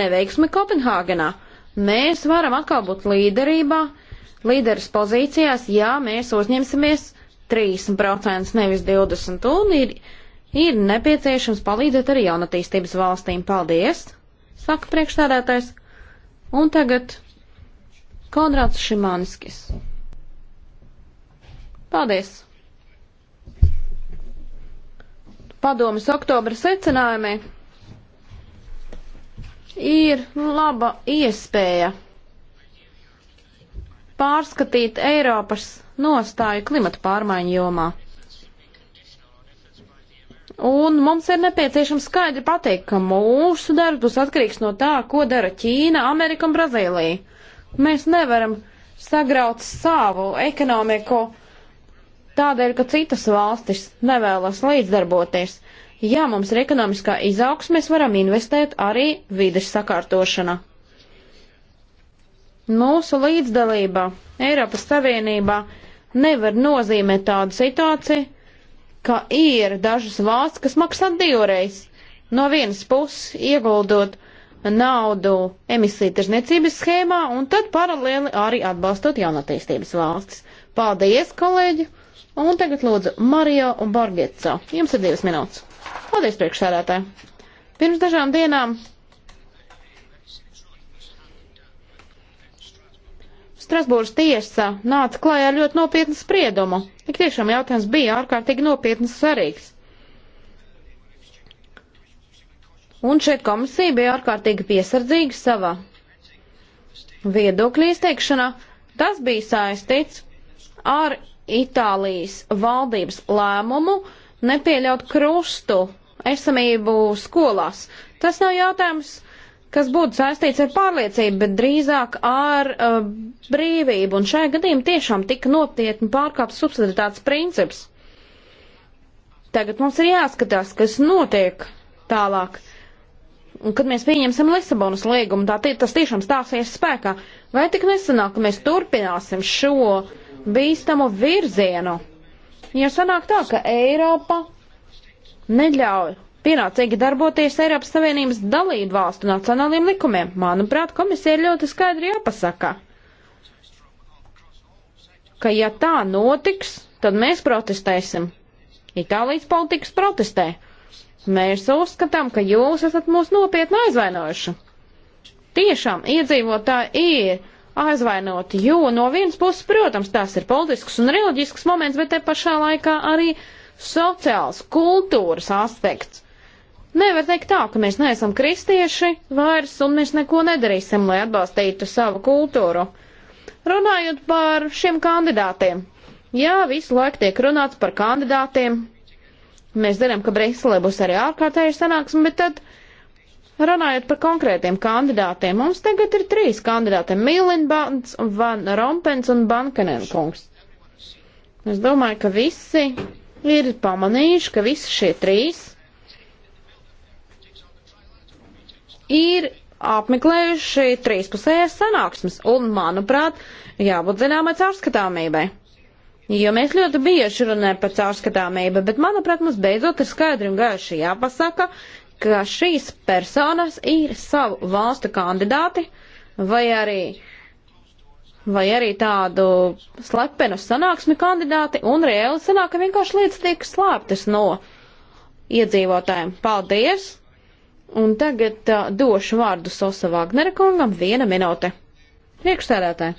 neveiksmi Kopenhāgenā. Mēs varam atkal būt līderībā, līderis pozīcijās, ja mēs uzņemsimies 30%, nevis 20%, un ir, ir nepieciešams palīdzēt arī jaunatīstības valstīm. Paldies! saka priekšstādātājs. Un tagad Konrāds Šimanskis. Paldies! Padomas oktobra secinājumi ir laba iespēja pārskatīt Eiropas nostāju klimata pārmaiņu jomā. Un mums ir nepieciešams skaidri pateikt, ka mūsu darbs būs atkarīgs no tā, ko dara Ķīna, Amerika un Brazīlija. Mēs nevaram sagraut savu ekonomiku tādēļ, ka citas valstis nevēlas līdzdarboties. Ja mums ir ekonomiskā izaugsme, mēs varam investēt arī vides sakārtošanā. Mūsu līdzdalība Eiropas Savienībā nevar nozīmēt tādu situāciju, ka ir dažas valsts, kas maksā divreiz. No vienas puses ieguldot naudu emisiju tirzniecības schēmā un tad paralēli arī atbalstot jaunatīstības valstis. Paldies, kolēģi! Un tagad lūdzu Mario un Borgetso. Jums ir divas minūtes. Paldies, priekšsēdētāji! Pirms dažām dienām Strasbūras tiesa nāca klājā ar ļoti nopietnu spriedumu. Tik tiešām jautājums bija ārkārtīgi nopietns svarīgs. Un šeit komisija bija ārkārtīgi piesardzīga savā viedokļa izteikšanā. Tas bija saistīts ar Itālijas valdības lēmumu nepieļaut krustu esamību skolās. Tas nav jautājums kas būtu saistīts ar pārliecību, bet drīzāk ar uh, brīvību. Un šajā gadījumā tiešām tika nopietni pārkāpts subsidiatāts princips. Tagad mums ir jāskatās, kas notiek tālāk. Un kad mēs pieņemsim Lisabonas līgumu, tā, tas tiešām stāsies spēkā. Vai tik nesanāk, ka mēs turpināsim šo bīstamo virzienu? Ja sanāk tā, ka Eiropa neļauj pienācīgi darboties Eiropas Savienības dalību valstu nacionāliem likumiem. Manuprāt, komisija ir ļoti skaidri jāpasaka, ka ja tā notiks, tad mēs protestēsim. Itālijas politikas protestē. Mēs uzskatām, ka jūs esat mūs nopietni aizvainojuši. Tiešām iedzīvotāji ir aizvainoti, jo no vienas puses, protams, tās ir politisks un reliģisks moments, bet te pašā laikā arī sociāls, kultūras aspekts. Nevar teikt tā, ka mēs neesam kristieši vairs un mēs neko nedarīsim, lai atbalstītu savu kultūru. Runājot par šiem kandidātiem. Jā, visu laiku tiek runāts par kandidātiem. Mēs zinām, ka Briselē būs arī ārkārtēja sanāksme, bet tad runājot par konkrētiem kandidātiem, mums tagad ir trīs kandidāti - Milinbants, Van Rompens un Bankenenkungs. Es domāju, ka visi ir pamanījuši, ka visi šie trīs ir apmeklējuši trīspusējās sanāksmes, un, manuprāt, jābūt zināmai caurskatāmībai. Jo mēs ļoti bieži runājam par caurskatāmību, bet, manuprāt, mums beidzot ir skaidri un gaiši jāpasaka, ka šīs personas ir savu valstu kandidāti vai arī, vai arī tādu slepenu sanāksmi kandidāti, un reāli sanāk, ka vienkārši lietas tiek slēptas no iedzīvotājiem. Paldies! Un tagad uh, došu vārdu Sosa Vāgnera kungam viena minūte. Priekšsēdētāji.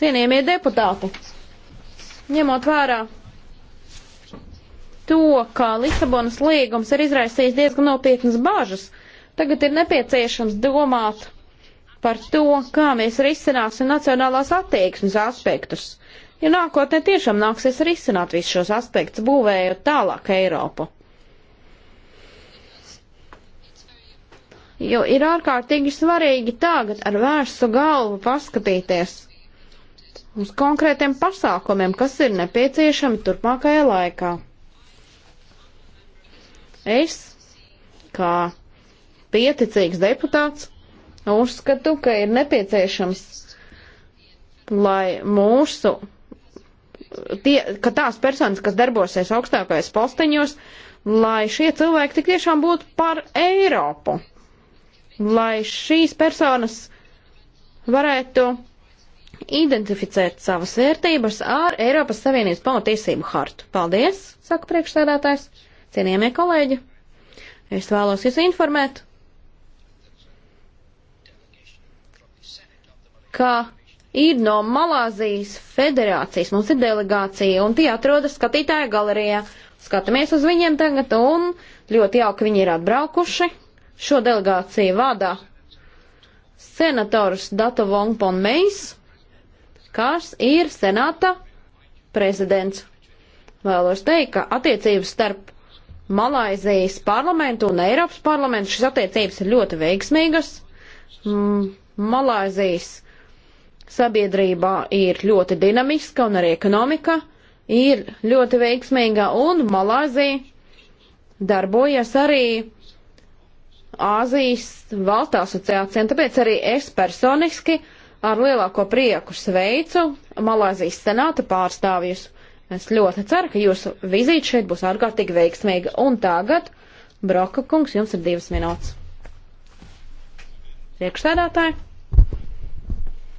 Cienījamie deputāti, ņemot vērā to, ka Lisabonas līgums ir izraisījis diezgan nopietnas bāžas, tagad ir nepieciešams domāt par to, kā mēs risināsim nacionālās attieksmes aspektus. Ja nākotnē tiešām nāksies risināt visus šos aspektus, būvējot tālāk Eiropu. jo ir ārkārtīgi svarīgi tagad ar vērsu galvu paskatīties uz konkrētiem pasākumiem, kas ir nepieciešami turpmākajā laikā. Es, kā pieticīgs deputāts, uzskatu, ka ir nepieciešams, lai mūsu, tie, ka tās personas, kas darbosies augstākais posteņos, lai šie cilvēki tik tiešām būtu par Eiropu lai šīs personas varētu identificēt savas vērtības ar Eiropas Savienības pamatiesību hartu. Paldies, saka priekšsēdētājs, cienījamie kolēģi. Es vēlos jūs informēt, ka ir no Malāzijas federācijas, mums ir delegācija, un tie atrodas skatītāja galerijā. Skatāmies uz viņiem tagad, un ļoti jauki viņi ir atbraukuši. Šo delegāciju vada senators Dato Vongpon Meis, kas ir senāta prezidents. Vēlos teikt, ka attiecības starp Malaizijas parlamentu un Eiropas parlamentu šis attiecības ir ļoti veiksmīgas. Malaizijas sabiedrībā ir ļoti dinamiska un arī ekonomika ir ļoti veiksmīga un Malaizija darbojas arī Āzijas valstu asociācija, un tāpēc arī es personiski ar lielāko prieku sveicu Malāzijas senāta pārstāvjus. Es ļoti ceru, ka jūsu vizīte šeit būs ārkārtīgi veiksmīga. Un tagad, Broka kungs, jums ir divas minūtes. Priekšsēdētāji!